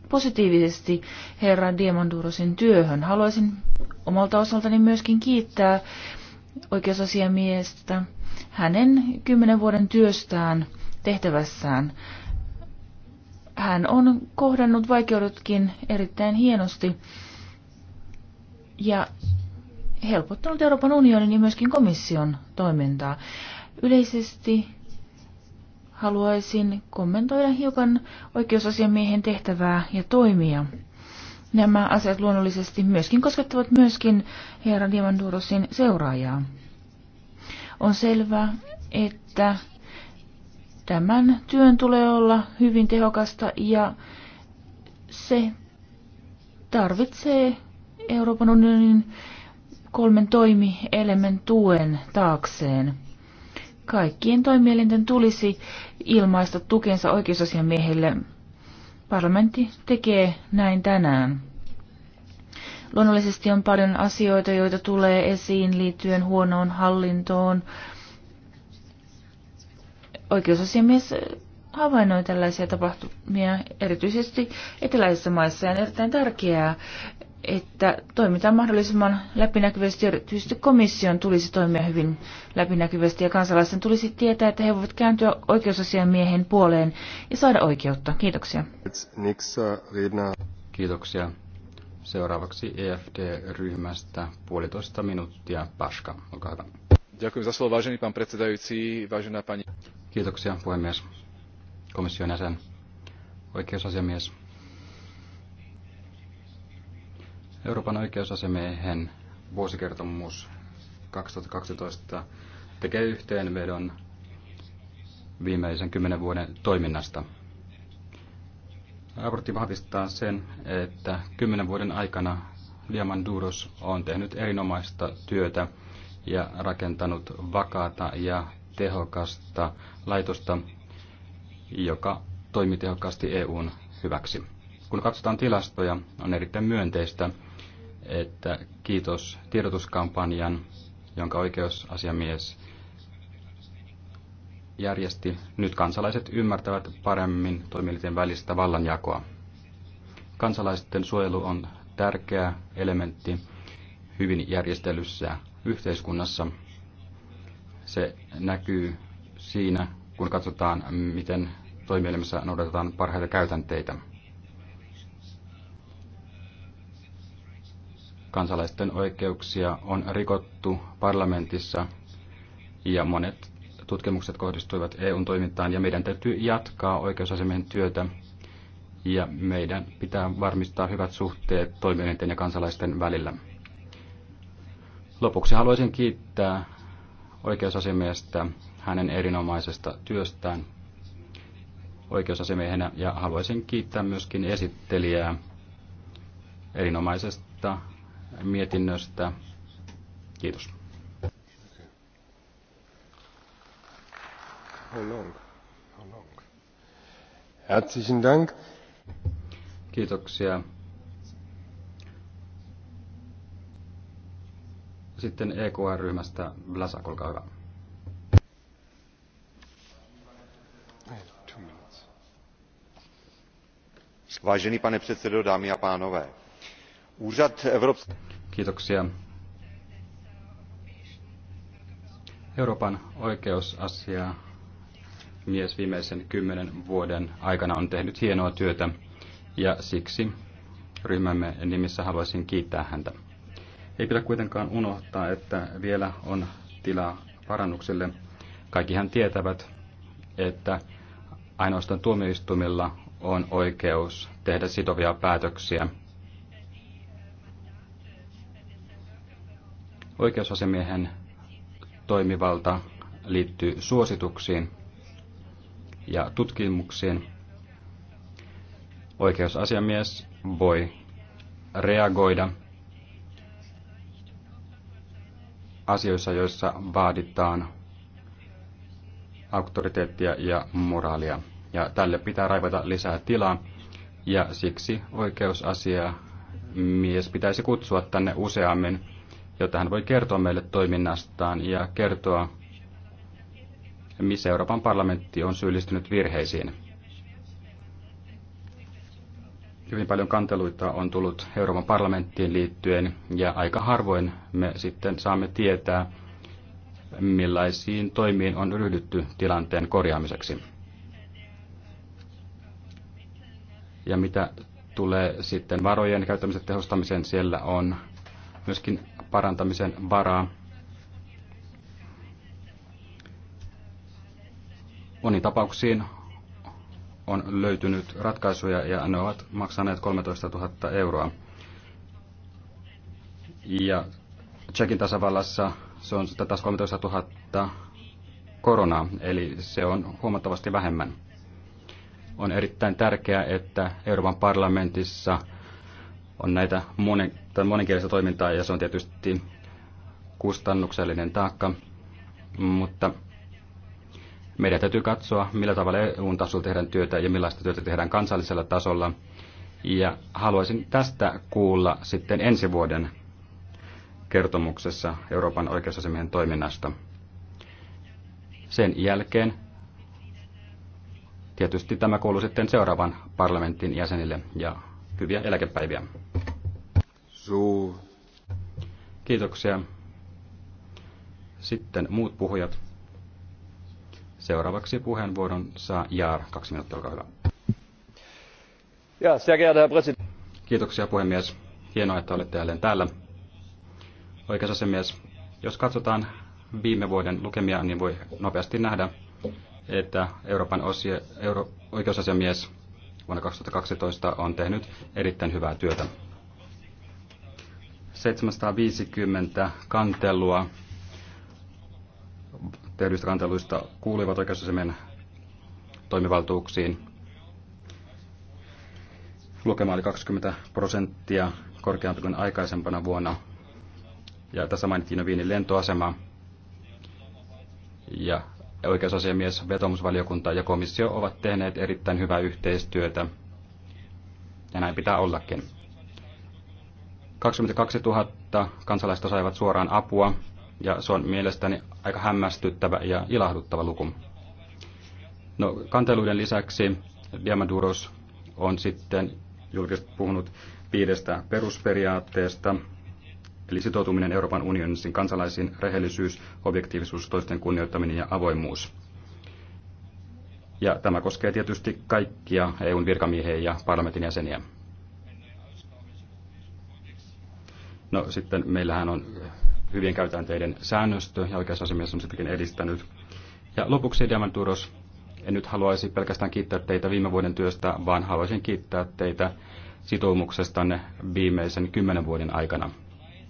positiivisesti herra Diamandurosin työhön. Haluaisin omalta osaltani myöskin kiittää oikeusasiamiestä hänen kymmenen vuoden työstään tehtävässään. Hän on kohdannut vaikeudetkin erittäin hienosti ja helpottanut Euroopan unionin ja myöskin komission toimintaa. Yleisesti haluaisin kommentoida hiukan oikeusasiamiehen tehtävää ja toimia. Nämä asiat luonnollisesti myöskin koskettavat myöskin herra Diamandurosin seuraajaa. On selvää, että tämän työn tulee olla hyvin tehokasta ja se tarvitsee Euroopan unionin kolmen toimielimen tuen taakseen kaikkien toimielinten tulisi ilmaista tukensa oikeusasiamiehelle. Parlamentti tekee näin tänään. Luonnollisesti on paljon asioita, joita tulee esiin liittyen huonoon hallintoon. Oikeusasiamies havainnoi tällaisia tapahtumia erityisesti eteläisissä maissa ja on erittäin tärkeää, että toimitaan mahdollisimman läpinäkyvästi. Tietysti komission tulisi toimia hyvin läpinäkyvästi ja kansalaisten tulisi tietää, että he voivat kääntyä oikeusasiamiehen puoleen ja saada oikeutta. Kiitoksia. Kiitoksia. Seuraavaksi EFD-ryhmästä puolitoista minuuttia. Paska, olkaa hyvä. za slovo, vážený pán predsedajúci, vážená pani. Kiitoksia, puhemies. Komission jäsen, oikeusasiamies, Euroopan oikeusasemiehen vuosikertomus 2012 tekee yhteenvedon viimeisen kymmenen vuoden toiminnasta. Raportti vahvistaa sen, että kymmenen vuoden aikana Duros on tehnyt erinomaista työtä ja rakentanut vakaata ja tehokasta laitosta, joka toimii tehokkaasti EUn hyväksi. Kun katsotaan tilastoja, on erittäin myönteistä, että kiitos tiedotuskampanjan, jonka oikeusasiamies järjesti, nyt kansalaiset ymmärtävät paremmin toimielinten välistä vallanjakoa. Kansalaisten suojelu on tärkeä elementti hyvin järjestelyssä yhteiskunnassa. Se näkyy siinä, kun katsotaan, miten toimielimessä noudatetaan parhaita käytänteitä. kansalaisten oikeuksia on rikottu parlamentissa ja monet tutkimukset kohdistuivat EUn toimintaan ja meidän täytyy jatkaa oikeusasemien työtä ja meidän pitää varmistaa hyvät suhteet toimijoiden ja kansalaisten välillä. Lopuksi haluaisin kiittää oikeusasimiestä hänen erinomaisesta työstään oikeusasimiehenä ja haluaisin kiittää myöskin esittelijää erinomaisesta mietinnöstä. Kiitos. Herzlichen Dank. Kiitoksia. Sitten EKR-ryhmästä Vlasak, olkaa hyvä. Vážený pane předsedo, dámy a pánové, úřad Evropské... Kiitoksia. Euroopan oikeusasia mies viimeisen kymmenen vuoden aikana on tehnyt hienoa työtä ja siksi ryhmämme nimissä haluaisin kiittää häntä. Ei pidä kuitenkaan unohtaa, että vielä on tilaa parannukselle. Kaikkihan tietävät, että ainoastaan tuomioistuimilla on oikeus tehdä sitovia päätöksiä – Oikeusasiamiehen toimivalta liittyy suosituksiin ja tutkimuksiin. Oikeusasiamies voi reagoida asioissa, joissa vaaditaan auktoriteettia ja moraalia. Ja tälle pitää raivata lisää tilaa, ja siksi oikeusasia mies pitäisi kutsua tänne useammin jotta hän voi kertoa meille toiminnastaan ja kertoa, missä Euroopan parlamentti on syyllistynyt virheisiin. Hyvin paljon kanteluita on tullut Euroopan parlamenttiin liittyen ja aika harvoin me sitten saamme tietää, millaisiin toimiin on ryhdytty tilanteen korjaamiseksi. Ja mitä tulee sitten varojen käyttämisen tehostamiseen, siellä on myöskin parantamisen varaa. Moniin tapauksiin on löytynyt ratkaisuja ja ne ovat maksaneet 13 000 euroa. Ja Tsekin tasavallassa se on sitten taas 13 000 koronaa, eli se on huomattavasti vähemmän. On erittäin tärkeää, että Euroopan parlamentissa on näitä monen tai monikielistä toimintaa ja se on tietysti kustannuksellinen taakka, mutta meidän täytyy katsoa, millä tavalla eu tasolla tehdään työtä ja millaista työtä tehdään kansallisella tasolla. Ja haluaisin tästä kuulla sitten ensi vuoden kertomuksessa Euroopan oikeusasemien toiminnasta. Sen jälkeen tietysti tämä kuuluu sitten seuraavan parlamentin jäsenille ja hyviä eläkepäiviä. Kiitoksia. Sitten muut puhujat. Seuraavaksi puheenvuoron saa Jaar. Kaksi minuuttia, olkaa hyvä. Ja, Kiitoksia puhemies. Hienoa, että olette jälleen täällä. Oikeusasemies. jos katsotaan viime vuoden lukemia, niin voi nopeasti nähdä, että Euroopan osie, euro, oikeusasiamies vuonna 2012 on tehnyt erittäin hyvää työtä. 750 kantelua tehdyistä kanteluista kuuluivat oikeusasemien toimivaltuuksiin. Lukema oli 20 prosenttia korkeampi kuin aikaisempana vuonna. Ja tässä mainittiin jo Viinin lentoasema. Ja oikeusasiamies, vetomusvaliokunta ja komissio ovat tehneet erittäin hyvää yhteistyötä. Ja näin pitää ollakin. 22 000 kansalaista saivat suoraan apua, ja se on mielestäni aika hämmästyttävä ja ilahduttava luku. No, kanteluiden lisäksi Diamaduros on sitten julkisesti puhunut viidestä perusperiaatteesta, eli sitoutuminen Euroopan unionin kansalaisiin, rehellisyys, objektiivisuus, toisten kunnioittaminen ja avoimuus. Ja tämä koskee tietysti kaikkia EUn virkamiehiä ja parlamentin jäseniä. No sitten meillähän on hyvien käytänteiden säännöstö ja oikeusasiamies on sitäkin edistänyt. Ja lopuksi Diamanturos, en nyt haluaisi pelkästään kiittää teitä viime vuoden työstä, vaan haluaisin kiittää teitä sitoumuksestanne viimeisen kymmenen vuoden aikana.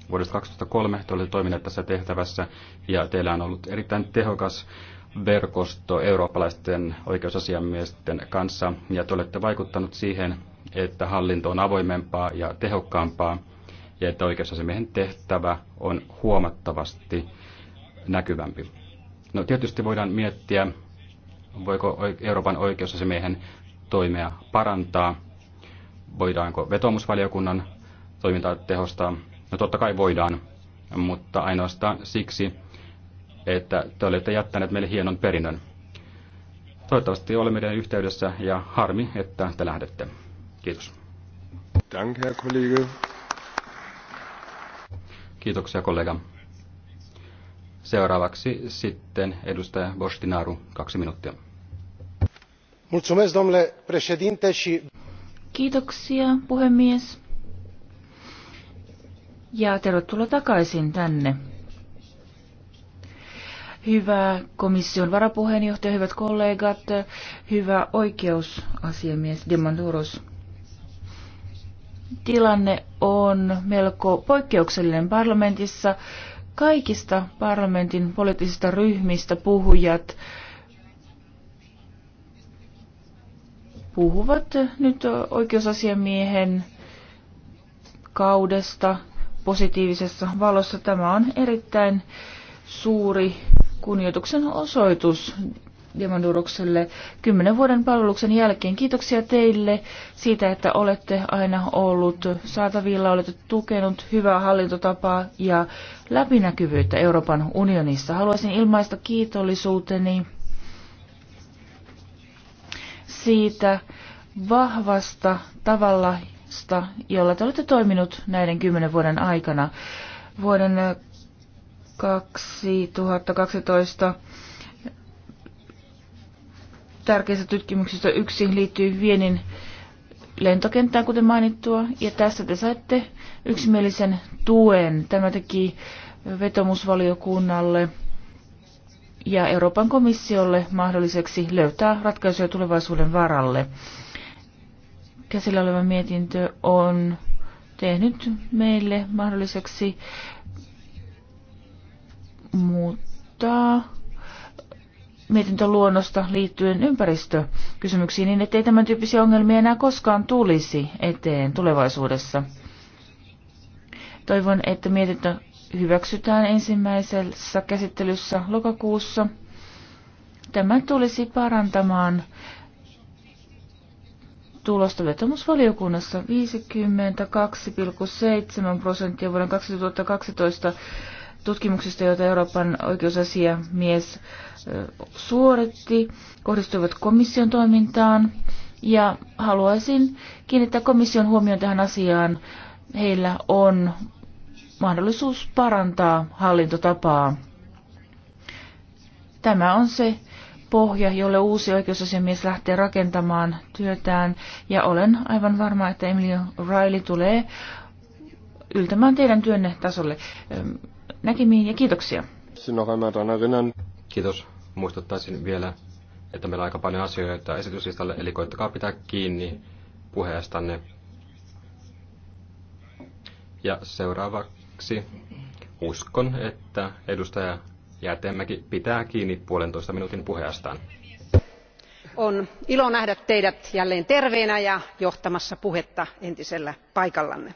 Vuodesta 2003 te olette toimineet tässä tehtävässä ja teillä on ollut erittäin tehokas verkosto eurooppalaisten oikeusasiamiesten kanssa ja te olette vaikuttanut siihen, että hallinto on avoimempaa ja tehokkaampaa ja että oikeusasiamiehen tehtävä on huomattavasti näkyvämpi. No tietysti voidaan miettiä, voiko Euroopan oikeusasiamiehen toimia parantaa, voidaanko vetomusvaliokunnan toimintaa tehostaa. No totta kai voidaan, mutta ainoastaan siksi, että te olette jättäneet meille hienon perinnön. Toivottavasti olemme meidän yhteydessä ja harmi, että te lähdette. Kiitos. Danke, Herr Kollege. Kiitoksia kollega. Seuraavaksi sitten edustaja Bostinaru, kaksi minuuttia. Kiitoksia, puhemies. Ja tervetuloa takaisin tänne. Hyvä komission varapuheenjohtaja, hyvät kollegat, hyvä oikeusasiamies Demanduros tilanne on melko poikkeuksellinen parlamentissa. Kaikista parlamentin poliittisista ryhmistä puhujat puhuvat nyt oikeusasiamiehen kaudesta positiivisessa valossa. Tämä on erittäin suuri kunnioituksen osoitus Diamandurokselle kymmenen vuoden palveluksen jälkeen. Kiitoksia teille siitä, että olette aina ollut saatavilla, olette tukenut hyvää hallintotapaa ja läpinäkyvyyttä Euroopan unionissa. Haluaisin ilmaista kiitollisuuteni siitä vahvasta tavallaista, jolla te olette toiminut näiden kymmenen vuoden aikana. Vuoden 2012 tärkeistä tutkimuksista. Yksi liittyy vienin lentokenttään, kuten mainittua, ja tässä te saitte yksimielisen tuen. Tämä teki vetomusvaliokunnalle ja Euroopan komissiolle mahdolliseksi löytää ratkaisuja tulevaisuuden varalle. Käsillä oleva mietintö on tehnyt meille mahdolliseksi muuttaa mietintöluonnosta liittyen ympäristökysymyksiin, niin ettei tämän tyyppisiä ongelmia enää koskaan tulisi eteen tulevaisuudessa. Toivon, että mietintö hyväksytään ensimmäisessä käsittelyssä lokakuussa. Tämä tulisi parantamaan tulosta vetomusvaliokunnassa 52,7 prosenttia vuoden 2012 tutkimuksista, joita Euroopan oikeusasiamies suoritti, kohdistuivat komission toimintaan. Ja haluaisin kiinnittää komission huomioon tähän asiaan. Heillä on mahdollisuus parantaa hallintotapaa. Tämä on se pohja, jolle uusi oikeusasiamies lähtee rakentamaan työtään, ja olen aivan varma, että Emilio Riley tulee yltämään teidän työnne tasolle näkemiin ja kiitoksia. Kiitos. Muistuttaisin vielä, että meillä on aika paljon asioita esityslistalle, eli koittakaa pitää kiinni puheestanne. Ja seuraavaksi uskon, että edustaja Jäätemäki pitää kiinni puolentoista minuutin puheestaan. On ilo nähdä teidät jälleen terveenä ja johtamassa puhetta entisellä paikallanne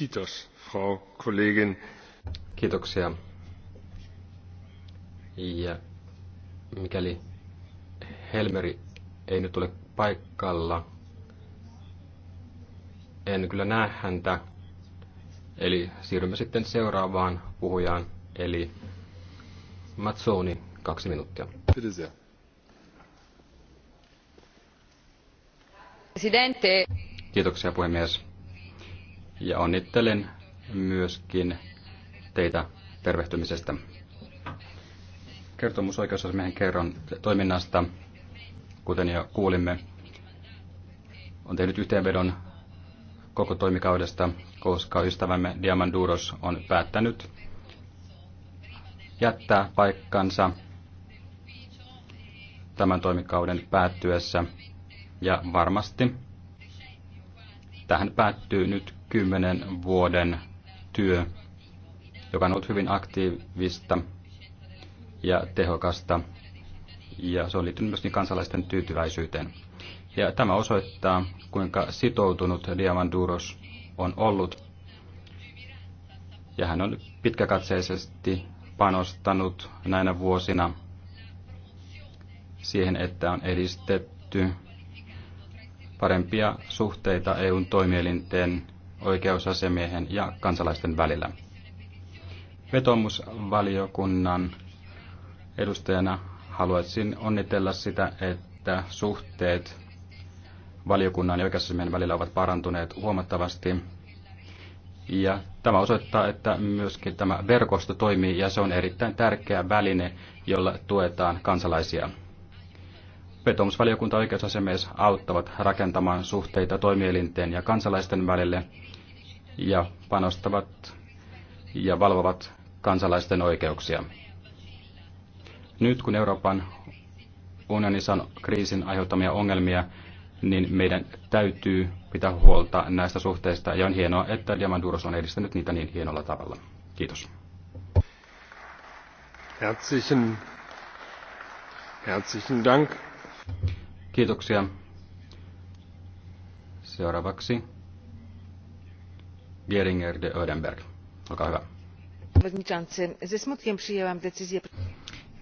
Kiitos, Frau Kollegin. Kiitoksia. Ja mikäli Helmeri ei nyt ole paikalla, en kyllä näe häntä. Eli siirrymme sitten seuraavaan puhujaan, eli Mazzoni, kaksi minuuttia. Presidente. Kiitoksia puhemies ja onnittelen myöskin teitä tervehtymisestä. Kertomus oikeusasiamiehen kerron toiminnasta, kuten jo kuulimme, on tehnyt yhteenvedon koko toimikaudesta, koska ystävämme Diamanduros on päättänyt jättää paikkansa tämän toimikauden päättyessä. Ja varmasti tähän päättyy nyt kymmenen vuoden työ, joka on ollut hyvin aktiivista ja tehokasta, ja se on liittynyt myöskin kansalaisten tyytyväisyyteen. Ja tämä osoittaa, kuinka sitoutunut Diamanduros on ollut, ja hän on pitkäkatseisesti panostanut näinä vuosina siihen, että on edistetty parempia suhteita EUn toimielinten oikeusasiamiehen ja kansalaisten välillä. Vetomusvaliokunnan edustajana haluaisin onnitella sitä, että suhteet valiokunnan ja oikeusasiamiehen välillä ovat parantuneet huomattavasti. Ja tämä osoittaa, että myöskin tämä verkosto toimii ja se on erittäin tärkeä väline, jolla tuetaan kansalaisia. Vetomusvaliokunta ja oikeusasemies auttavat rakentamaan suhteita toimielinten ja kansalaisten välille ja panostavat ja valvovat kansalaisten oikeuksia. Nyt kun Euroopan unionissa on kriisin aiheuttamia ongelmia, niin meidän täytyy pitää huolta näistä suhteista. Ja on hienoa, että Diamanduros on edistänyt niitä niin hienolla tavalla. Kiitos. Herzlichen, herzlichen Dank. Kiitoksia. Seuraavaksi Bieringer de Oedenberg. Olkaa hyvä.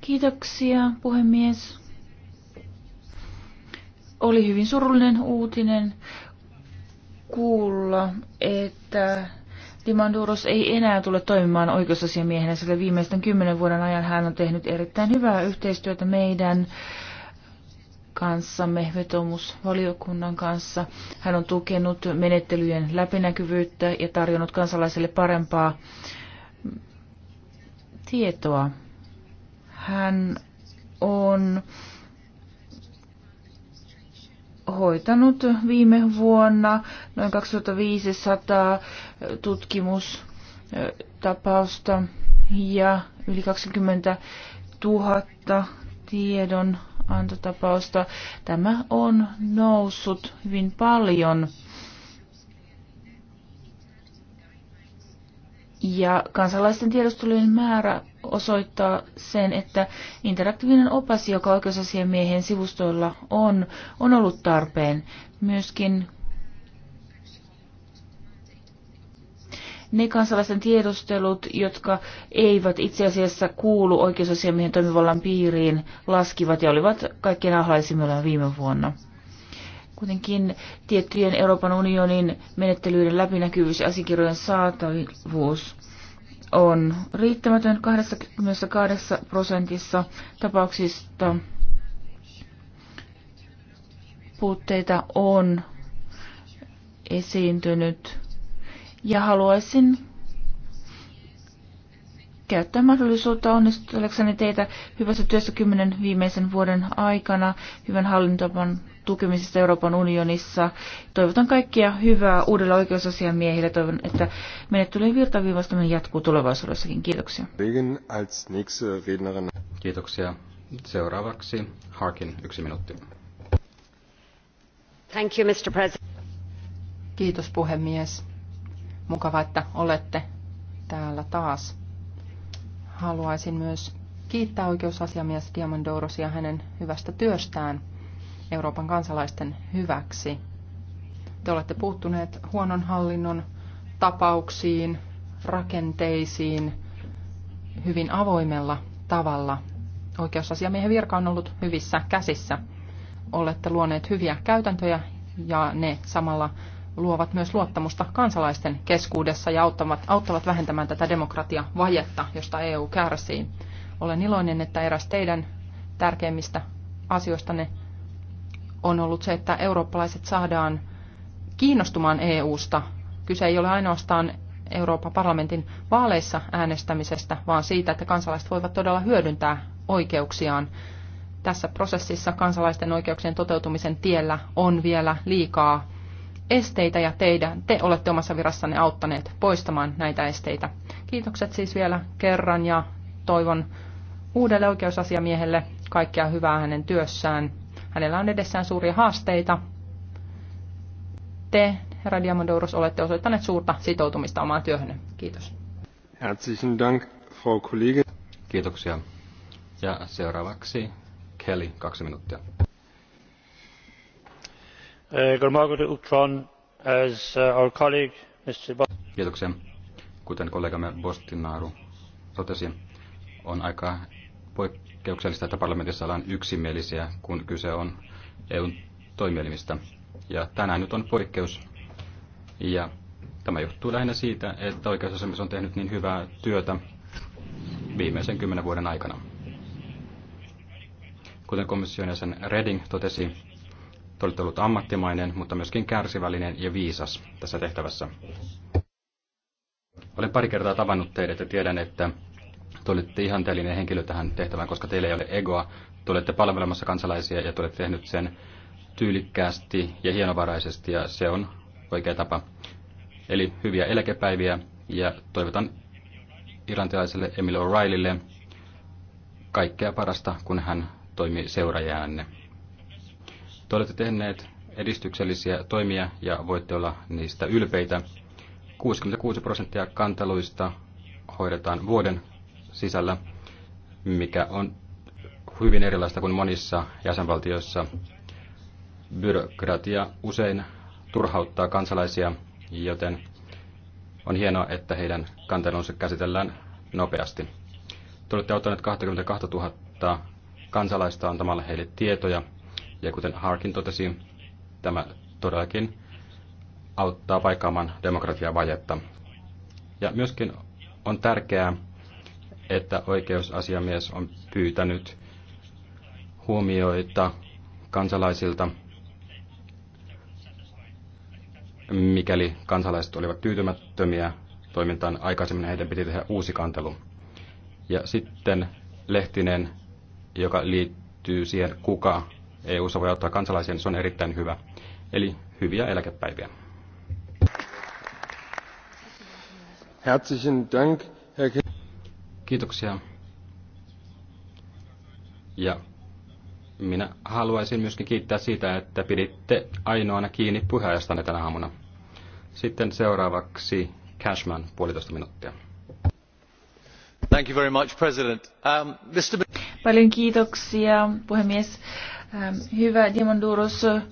Kiitoksia, puhemies. Oli hyvin surullinen uutinen kuulla, että Dimanduros ei enää tule toimimaan oikeusasiamiehenä, sillä viimeisten kymmenen vuoden ajan hän on tehnyt erittäin hyvää yhteistyötä meidän äh, kanssamme, vetomusvaliokunnan kanssa. Hän on tukenut menettelyjen läpinäkyvyyttä ja tarjonnut kansalaisille parempaa tietoa. Hän on hoitanut viime vuonna noin 2500 tutkimustapausta ja yli 20 000 tiedon antotapausta. Tämä on noussut hyvin paljon. Ja kansalaisten tiedustelujen määrä osoittaa sen, että interaktiivinen opas, joka oikeusasiamiehen sivustoilla on, on ollut tarpeen. Myöskin ne kansalaisten tiedustelut, jotka eivät itse asiassa kuulu oikeusasiamiehen toimivallan piiriin, laskivat ja olivat kaikkein alhaisimmillaan viime vuonna. Kuitenkin tiettyjen Euroopan unionin menettelyiden läpinäkyvyys ja asiakirjojen saatavuus on riittämätön 22 prosentissa tapauksista puutteita on esiintynyt ja haluaisin käyttää mahdollisuutta onnistuakseni teitä hyvässä työssä kymmenen viimeisen vuoden aikana hyvän hallintopan tukemisesta Euroopan unionissa. Toivotan kaikkia hyvää uudelle oikeusasiamiehille. Toivon, että menettelyjen virtaviivastaminen jatkuu tulevaisuudessakin. Kiitoksia. Kiitoksia. Seuraavaksi Harkin yksi minuutti. Thank you, Mr. President. Kiitos puhemies. Mukava, että olette täällä taas. Haluaisin myös kiittää oikeusasiamies Diamandourosia hänen hyvästä työstään Euroopan kansalaisten hyväksi. Te olette puuttuneet huonon hallinnon tapauksiin, rakenteisiin hyvin avoimella tavalla. Oikeusasiamiehen virka on ollut hyvissä käsissä. Olette luoneet hyviä käytäntöjä ja ne samalla luovat myös luottamusta kansalaisten keskuudessa ja auttavat, auttavat vähentämään tätä demokratiavajetta, josta EU kärsii. Olen iloinen, että eräs teidän tärkeimmistä asioistanne on ollut se, että eurooppalaiset saadaan kiinnostumaan EUsta. Kyse ei ole ainoastaan Euroopan parlamentin vaaleissa äänestämisestä, vaan siitä, että kansalaiset voivat todella hyödyntää oikeuksiaan. Tässä prosessissa kansalaisten oikeuksien toteutumisen tiellä on vielä liikaa esteitä ja teidän, te olette omassa virassanne auttaneet poistamaan näitä esteitä. Kiitokset siis vielä kerran ja toivon uudelle oikeusasiamiehelle kaikkea hyvää hänen työssään. Hänellä on edessään suuria haasteita. Te, herra Diamondouros, olette osoittaneet suurta sitoutumista omaan työhönne. Kiitos. Herzlichen Dank, Frau Kollegin. Kiitoksia. Ja seuraavaksi Kelly, kaksi minuuttia. Uh, uh, Kuten kollegamme botinaru totesi, on aika poikkeuksellista, että parlamentissa ollaan yksimielisiä, kun kyse on n toimielimistä. Ja tänään nyt on poikkeus. Ja tämä johtuu lähinnä siitä, että oikeusasiamies on tehnyt niin hyvää työtä viimeisen kymmenen vuoden aikana. Kuten komission jäsen Reding totesi, te olette ollut ammattimainen, mutta myöskin kärsivällinen ja viisas tässä tehtävässä. Olen pari kertaa tavannut teidät ja tiedän, että te olette ihanteellinen henkilö tähän tehtävään, koska teillä ei ole egoa. Te olette palvelemassa kansalaisia ja te olette tehnyt sen tyylikkäästi ja hienovaraisesti ja se on oikea tapa. Eli hyviä eläkepäiviä ja toivotan irlantilaiselle Emil O'Reillylle kaikkea parasta, kun hän toimii seuraajanne. Te olette tehneet edistyksellisiä toimia ja voitte olla niistä ylpeitä. 66 prosenttia kanteluista hoidetaan vuoden sisällä, mikä on hyvin erilaista kuin monissa jäsenvaltioissa. Byrokratia usein turhauttaa kansalaisia, joten on hienoa, että heidän kantelunsa käsitellään nopeasti. Te olette ottaneet 22 000 kansalaista antamalla heille tietoja ja kuten Harkin totesi, tämä todellakin auttaa paikkaamaan demokratiavajetta. Ja myöskin on tärkeää, että oikeusasiamies on pyytänyt huomioita kansalaisilta, mikäli kansalaiset olivat tyytymättömiä toimintaan aikaisemmin, heidän piti tehdä uusi kantelu. Ja sitten Lehtinen, joka liittyy siihen, kuka EU-ssa voi auttaa kansalaisia, niin se on erittäin hyvä. Eli hyviä eläkepäiviä. Herzlichen Dank, Kiitoksia. Ja minä haluaisin myöskin kiittää siitä, että piditte ainoana kiinni puheajastanne tänä aamuna. Sitten seuraavaksi Cashman, puolitoista minuuttia. Thank you very much, President. Um, Mr. Paljon kiitoksia, puhemies. Ähm, hyvä Duros, äh,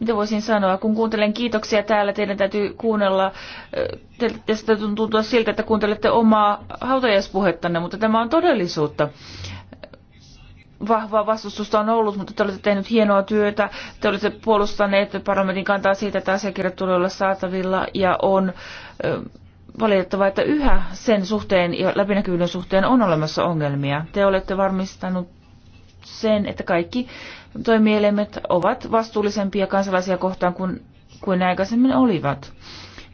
mitä voisin sanoa, kun kuuntelen kiitoksia täällä, teidän täytyy kuunnella, äh, teistä tuntuu siltä, että kuuntelette omaa hautajaispuhettanne, mutta tämä on todellisuutta vahvaa vastustusta on ollut, mutta te olette tehnyt hienoa työtä. Te olette puolustaneet parlamentin kantaa siitä, että asiakirjat tulee olla saatavilla ja on äh, valitettavaa, että yhä sen suhteen ja läpinäkyvyyden suhteen on olemassa ongelmia. Te olette varmistanut sen, että kaikki toimielimet ovat vastuullisempia kansalaisia kohtaan kuin, kuin ne aikaisemmin olivat.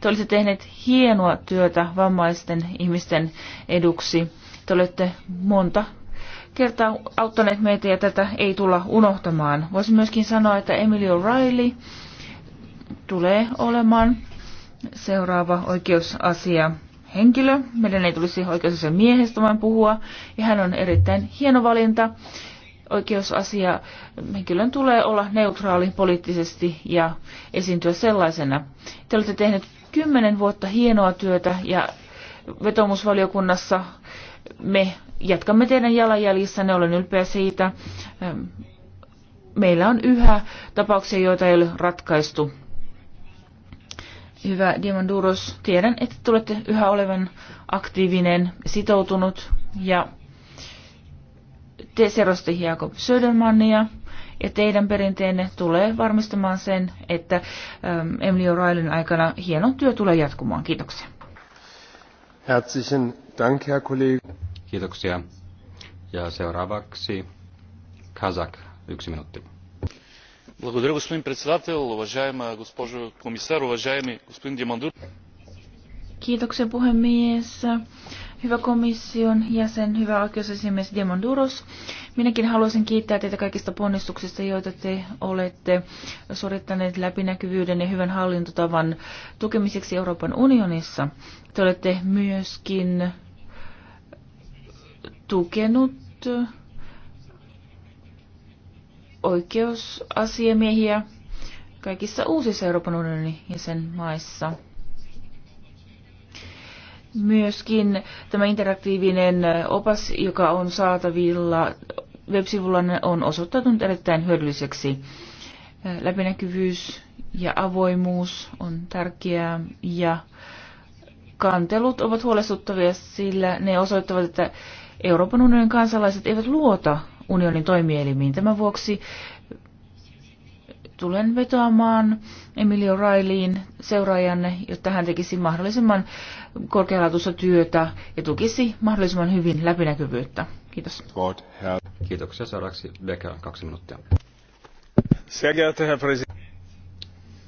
Te olette tehneet hienoa työtä vammaisten ihmisten eduksi. Te olette monta kertaa auttaneet meitä ja tätä ei tulla unohtamaan. Voisin myöskin sanoa, että Emily O'Reilly tulee olemaan seuraava oikeusasia henkilö. Meidän ei tulisi oikeusasian miehestä vain puhua. Ja hän on erittäin hieno valinta oikeusasia henkilön tulee olla neutraali poliittisesti ja esiintyä sellaisena. Te olette tehneet kymmenen vuotta hienoa työtä ja vetomusvaliokunnassa me jatkamme teidän ne olen ylpeä siitä. Ehm, meillä on yhä tapauksia, joita ei ole ratkaistu. Hyvä Diamanduros, tiedän, että tulette yhä olevan aktiivinen, sitoutunut ja te selostitte Jakob Södermania ja teidän perinteenne tulee varmistamaan sen, että ähm, Emily O'Reillyn aikana hieno työ tulee jatkumaan. Kiitoksia. Herzlichen Dank, Herr Kollege. Kiitoksia. Ja seuraavaksi Kazak, yksi minuutti. Благодаря, господин председател, уважаема госпожо комисар, уважаеми господин Димандур. Kiitoksia puhemies. Hyvä komission jäsen, hyvä oikeusasiamies Duros. Minäkin haluaisin kiittää teitä kaikista ponnistuksista, joita te olette suorittaneet läpinäkyvyyden ja hyvän hallintotavan tukemiseksi Euroopan unionissa. Te olette myöskin tukenut oikeusasiamiehiä kaikissa uusissa Euroopan unionin jäsenmaissa. maissa Myöskin tämä interaktiivinen opas, joka on saatavilla web-sivulla, on osoittautunut erittäin hyödylliseksi. Läpinäkyvyys ja avoimuus on tärkeää ja kantelut ovat huolestuttavia, sillä ne osoittavat, että Euroopan unionin kansalaiset eivät luota unionin toimielimiin. Tämän vuoksi tulen vetoamaan Emilio Railiin seuraajanne, jotta hän tekisi mahdollisimman korkealaatuista työtä ja tukisi mahdollisimman hyvin läpinäkyvyyttä. Kiitos. Kiitoksia. Seuraavaksi Becker, kaksi minuuttia.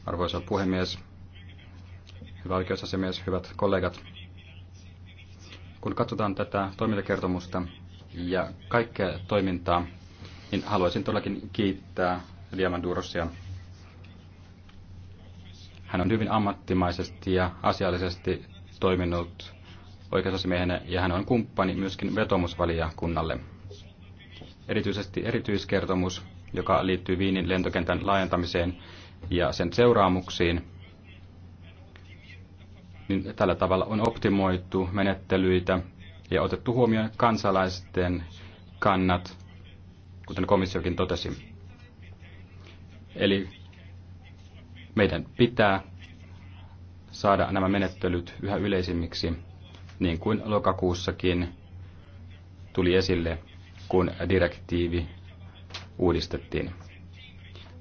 Arvoisa puhemies, hyvä oikeusasiamies, hyvät kollegat. Kun katsotaan tätä toimintakertomusta ja kaikkea toimintaa, niin haluaisin todellakin kiittää Diamandurosia. Hän on hyvin ammattimaisesti ja asiallisesti toiminut oikeusasimiehenä ja hän on kumppani myöskin kunnalle. Erityisesti erityiskertomus, joka liittyy Viinin lentokentän laajentamiseen ja sen seuraamuksiin, niin tällä tavalla on optimoitu menettelyitä ja otettu huomioon kansalaisten kannat, kuten komissiokin totesi. Eli meidän pitää saada nämä menettelyt yhä yleisimmiksi, niin kuin lokakuussakin tuli esille, kun direktiivi uudistettiin.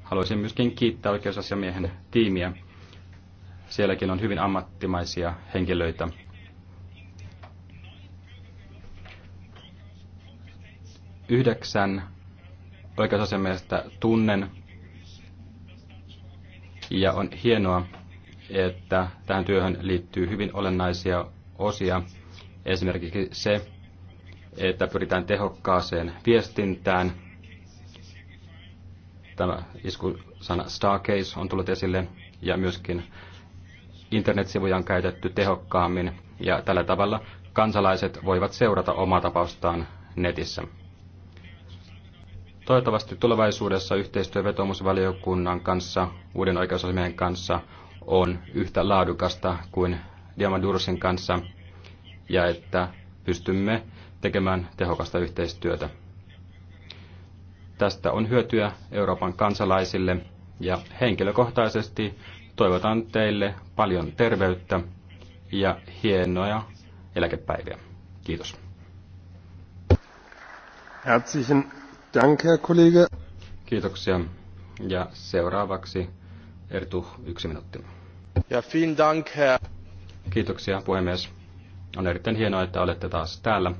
Haluaisin myöskin kiittää oikeusasiamiehen tiimiä. Sielläkin on hyvin ammattimaisia henkilöitä. Yhdeksän oikeusasiamiestä tunnen ja on hienoa, että tähän työhön liittyy hyvin olennaisia osia. Esimerkiksi se, että pyritään tehokkaaseen viestintään. Tämä iskusana Starcase on tullut esille ja myöskin internetsivuja on käytetty tehokkaammin ja tällä tavalla kansalaiset voivat seurata omaa tapaustaan netissä. Toivottavasti tulevaisuudessa yhteistyö vetomusvaliokunnan kanssa, uuden oikeusasemien kanssa, on yhtä laadukasta kuin Diamandursin kanssa ja että pystymme tekemään tehokasta yhteistyötä. Tästä on hyötyä Euroopan kansalaisille ja henkilökohtaisesti toivotan teille paljon terveyttä ja hienoja eläkepäiviä. Kiitos. Herzlichen Danke, Kiitoksia. Ja seuraavaksi Ertu, yksi minuutti. Ja vielen dank, Herr. Kiitoksia, puhemies. On erittäin hienoa, että olette taas täällä.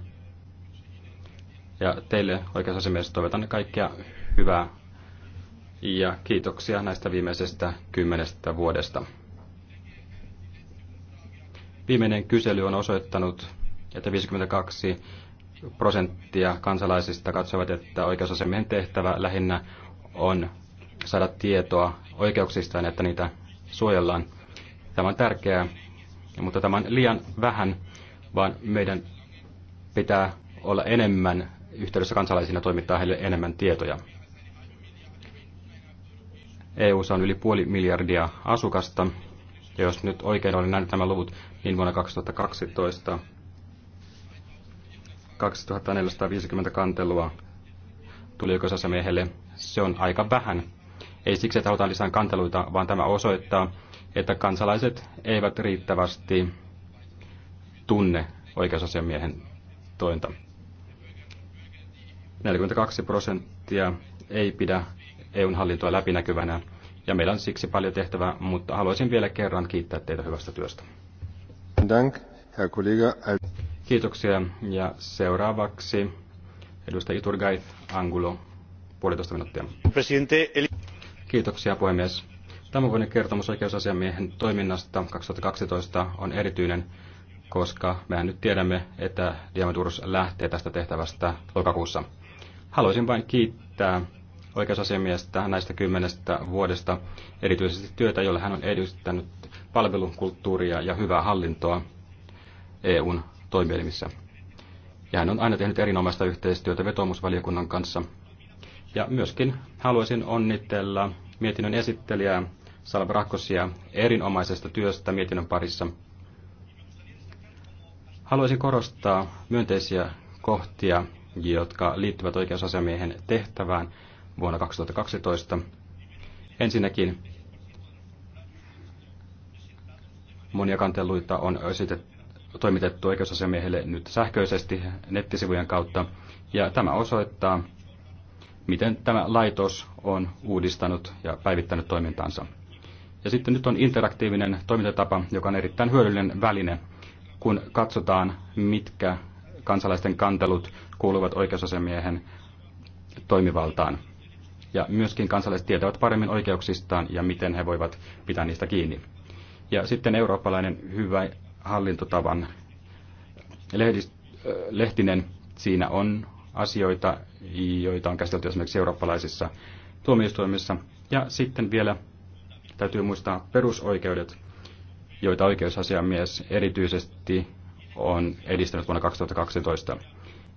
Ja teille oikeusasiamies toivotan kaikkea hyvää ja kiitoksia näistä viimeisestä kymmenestä vuodesta. Viimeinen kysely on osoittanut, että 52 prosenttia kansalaisista katsovat, että oikeusasemien tehtävä lähinnä on saada tietoa oikeuksistaan, että niitä suojellaan. Tämä on tärkeää, mutta tämä on liian vähän, vaan meidän pitää olla enemmän yhteydessä kansalaisiin ja toimittaa heille enemmän tietoja. EU on yli puoli miljardia asukasta, ja jos nyt oikein olen nähnyt nämä luvut, niin vuonna 2012 2450 kantelua tuli oikeusasiamiehelle. Se on aika vähän. Ei siksi, että halutaan lisää kanteluita, vaan tämä osoittaa, että kansalaiset eivät riittävästi tunne oikeusasiamiehen tointa. 42 prosenttia ei pidä EUn hallintoa läpinäkyvänä, ja meillä on siksi paljon tehtävää, mutta haluaisin vielä kerran kiittää teitä hyvästä työstä. Dank, Herr Kiitoksia. Ja seuraavaksi edustaja Iturgait Angulo, puolitoista minuuttia. Kiitoksia puhemies. Tämänvuoden kertomus oikeusasiamiehen toiminnasta 2012 on erityinen, koska mehän nyt tiedämme, että Diamandurus lähtee tästä tehtävästä lokakuussa. Haluaisin vain kiittää oikeusasiamiestä näistä kymmenestä vuodesta, erityisesti työtä, jolla hän on edistänyt palvelukulttuuria ja hyvää hallintoa EUn toimielimissä. Ja hän on aina tehnyt erinomaista yhteistyötä vetomusvaliokunnan kanssa. Ja myöskin haluaisin onnitella mietinnön esittelijää Rakkosia erinomaisesta työstä mietinnön parissa. Haluaisin korostaa myönteisiä kohtia, jotka liittyvät oikeusasiamiehen tehtävään vuonna 2012. Ensinnäkin monia kanteluita on esitetty toimitettu oikeusasiamiehelle nyt sähköisesti nettisivujen kautta. Ja tämä osoittaa, miten tämä laitos on uudistanut ja päivittänyt toimintansa. Ja sitten nyt on interaktiivinen toimintatapa, joka on erittäin hyödyllinen väline, kun katsotaan, mitkä kansalaisten kantelut kuuluvat oikeusasiamiehen toimivaltaan. Ja myöskin kansalaiset tietävät paremmin oikeuksistaan ja miten he voivat pitää niistä kiinni. Ja sitten eurooppalainen hyvä hallintotavan. Lehdist, lehtinen siinä on asioita, joita on käsitelty esimerkiksi eurooppalaisissa tuomioistuimissa. Ja sitten vielä täytyy muistaa perusoikeudet, joita oikeusasiamies erityisesti on edistänyt vuonna 2012.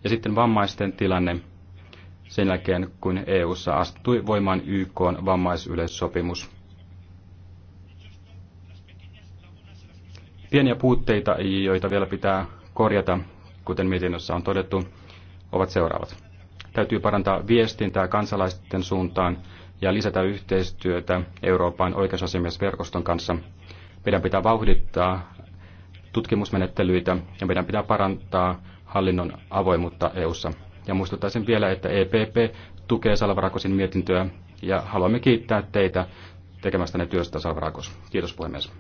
Ja sitten vammaisten tilanne sen jälkeen, kun EU:ssa astui voimaan YK vammaisyleissopimus – Pieniä puutteita, joita vielä pitää korjata, kuten mietinnössä on todettu, ovat seuraavat. Täytyy parantaa viestintää kansalaisten suuntaan ja lisätä yhteistyötä Euroopan oikeusasiamiesverkoston kanssa. Meidän pitää vauhdittaa tutkimusmenettelyitä ja meidän pitää parantaa hallinnon avoimuutta EU:ssa. Ja muistuttaisin vielä, että EPP tukee Salvarakosin mietintöä ja haluamme kiittää teitä tekemästänne työstä, Salvarakos. Kiitos puhemies.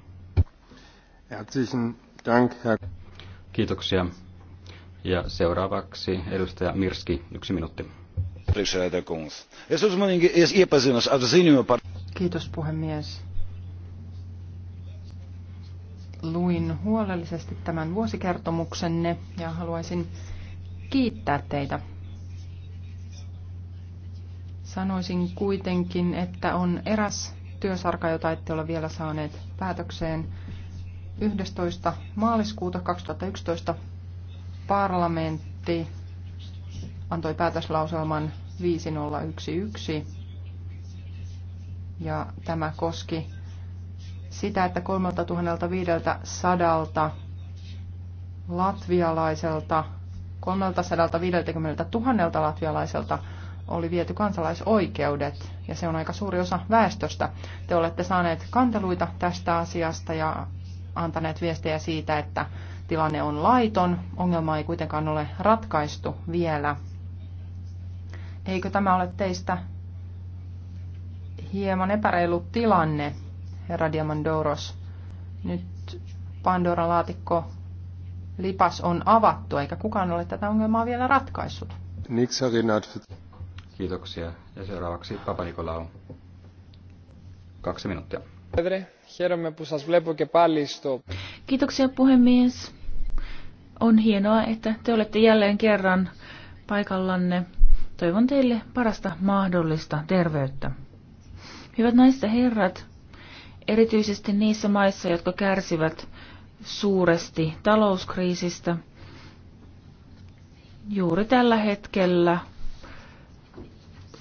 Kiitoksia. Ja seuraavaksi edustaja Mirski, yksi minuutti. Kiitos puhemies. Luin huolellisesti tämän vuosikertomuksenne ja haluaisin kiittää teitä. Sanoisin kuitenkin, että on eräs työsarka, jota ette ole vielä saaneet päätökseen – 11. maaliskuuta 2011 parlamentti antoi päätöslauselman 5011 ja tämä koski sitä, että 3500 latvialaiselta 350 000 latvialaiselta oli viety kansalaisoikeudet, ja se on aika suuri osa väestöstä. Te olette saaneet kanteluita tästä asiasta, ja antaneet viestejä siitä, että tilanne on laiton. Ongelma ei kuitenkaan ole ratkaistu vielä. Eikö tämä ole teistä hieman epäreilu tilanne, herra Diamandouros? Nyt Pandoran laatikko lipas on avattu, eikä kukaan ole tätä ongelmaa vielä ratkaissut. Kiitoksia. Ja seuraavaksi Papa Nikolau. Kaksi minuuttia. Kiitoksia puhemies. On hienoa, että te olette jälleen kerran paikallanne. Toivon teille parasta mahdollista terveyttä. Hyvät naiset ja herrat, erityisesti niissä maissa, jotka kärsivät suuresti talouskriisistä, juuri tällä hetkellä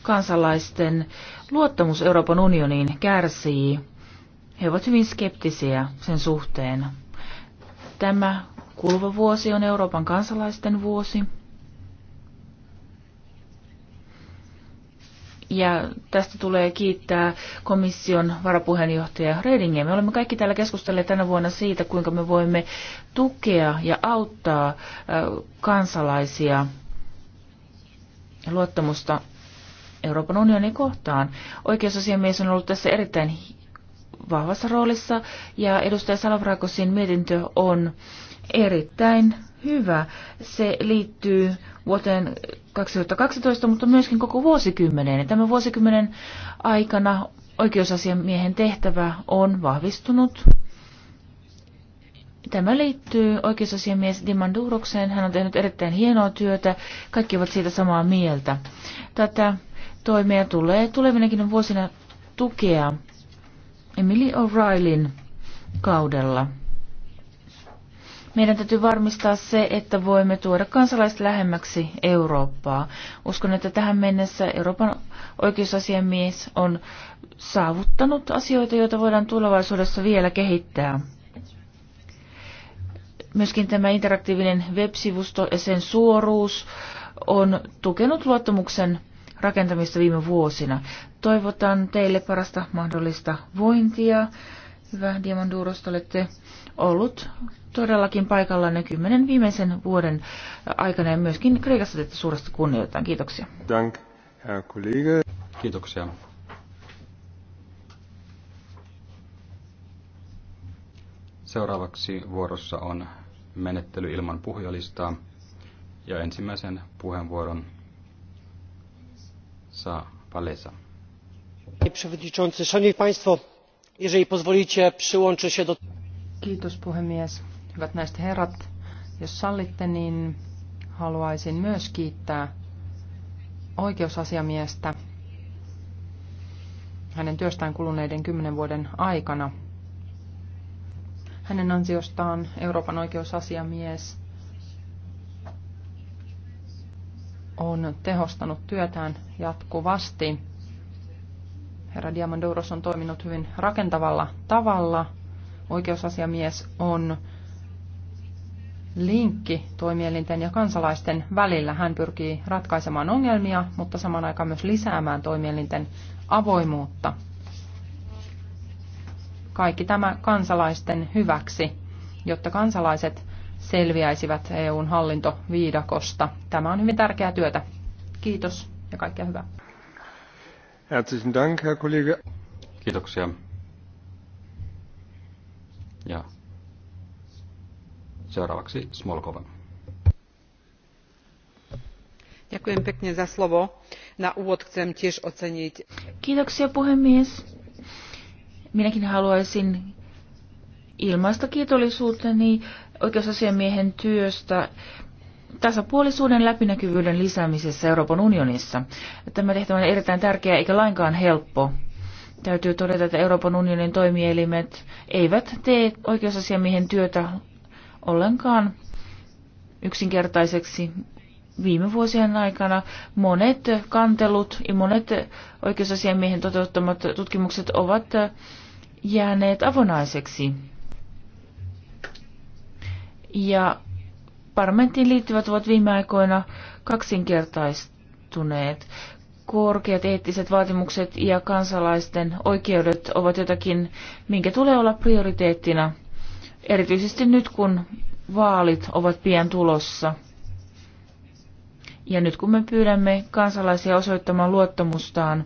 kansalaisten luottamus Euroopan unioniin kärsii he ovat hyvin skeptisiä sen suhteen. Tämä kuluva vuosi on Euroopan kansalaisten vuosi. Ja tästä tulee kiittää komission varapuheenjohtaja Redingia. Me olemme kaikki täällä keskustelleet tänä vuonna siitä, kuinka me voimme tukea ja auttaa kansalaisia luottamusta Euroopan unionin kohtaan. Oikeusasiamies on ollut tässä erittäin vahvassa roolissa ja edustaja Salavrakosin mietintö on erittäin hyvä. Se liittyy vuoteen 2012, mutta myöskin koko vuosikymmeneen. Tämän vuosikymmenen aikana oikeusasiamiehen tehtävä on vahvistunut. Tämä liittyy oikeusasiamies Dimandurokseen. Hän on tehnyt erittäin hienoa työtä. Kaikki ovat siitä samaa mieltä. Tätä toimia tulee tulevinakin vuosina tukea. Emily O'Reillyn kaudella. Meidän täytyy varmistaa se, että voimme tuoda kansalaiset lähemmäksi Eurooppaa. Uskon, että tähän mennessä Euroopan oikeusasiamies on saavuttanut asioita, joita voidaan tulevaisuudessa vielä kehittää. Myöskin tämä interaktiivinen web-sivusto ja sen suoruus on tukenut luottamuksen rakentamista viime vuosina. Toivotan teille parasta mahdollista vointia. Hyvä Diamanduros, olette ollut todellakin paikalla ne kymmenen viimeisen vuoden aikana ja myöskin Kreikassa teitä suuresti kunnioitetaan. Kiitoksia. Dank, herr Kollege. Kiitoksia. Seuraavaksi vuorossa on menettely ilman puhujalistaa ja ensimmäisen puheenvuoron saa Valesa panie przewodniczący! jeżeli pozwolicie przyłączę się do. kiitos puhemies hyvät naiset herrat jos sallitte niin haluaisin myös kiittää oikeusasiamiestä hänen työstään kuluneiden kymmenen vuoden aikana. Hänen ansiostaan Euroopan oikeusasiamies on tehostanut työtään jatkuvasti herra Diamandouros on toiminut hyvin rakentavalla tavalla. Oikeusasiamies on linkki toimielinten ja kansalaisten välillä. Hän pyrkii ratkaisemaan ongelmia, mutta saman aikaan myös lisäämään toimielinten avoimuutta. Kaikki tämä kansalaisten hyväksi, jotta kansalaiset selviäisivät EUn hallintoviidakosta. Tämä on hyvin tärkeää työtä. Kiitos ja kaikkea hyvää. Herzlichen Dank, Herr Kollege. Kiitoksia. Ja seuraavaksi Smolkova. Ďakujem pekne za slovo. Na úvod chcem tiež oceniť. Kiitoksia puhemies. Minäkin haluaisin ilmaista kiitollisuuteni oikeusasiamiehen työstä tasapuolisuuden läpinäkyvyyden lisäämisessä Euroopan unionissa. Tämä tehtävä on erittäin tärkeä eikä lainkaan helppo. Täytyy todeta, että Euroopan unionin toimielimet eivät tee oikeusasiamiehen työtä ollenkaan yksinkertaiseksi. Viime vuosien aikana monet kantelut ja monet oikeusasiamiehen toteuttamat tutkimukset ovat jääneet avonaiseksi. Ja parlamenttiin liittyvät ovat viime aikoina kaksinkertaistuneet. Korkeat eettiset vaatimukset ja kansalaisten oikeudet ovat jotakin, minkä tulee olla prioriteettina, erityisesti nyt kun vaalit ovat pian tulossa. Ja nyt kun me pyydämme kansalaisia osoittamaan luottamustaan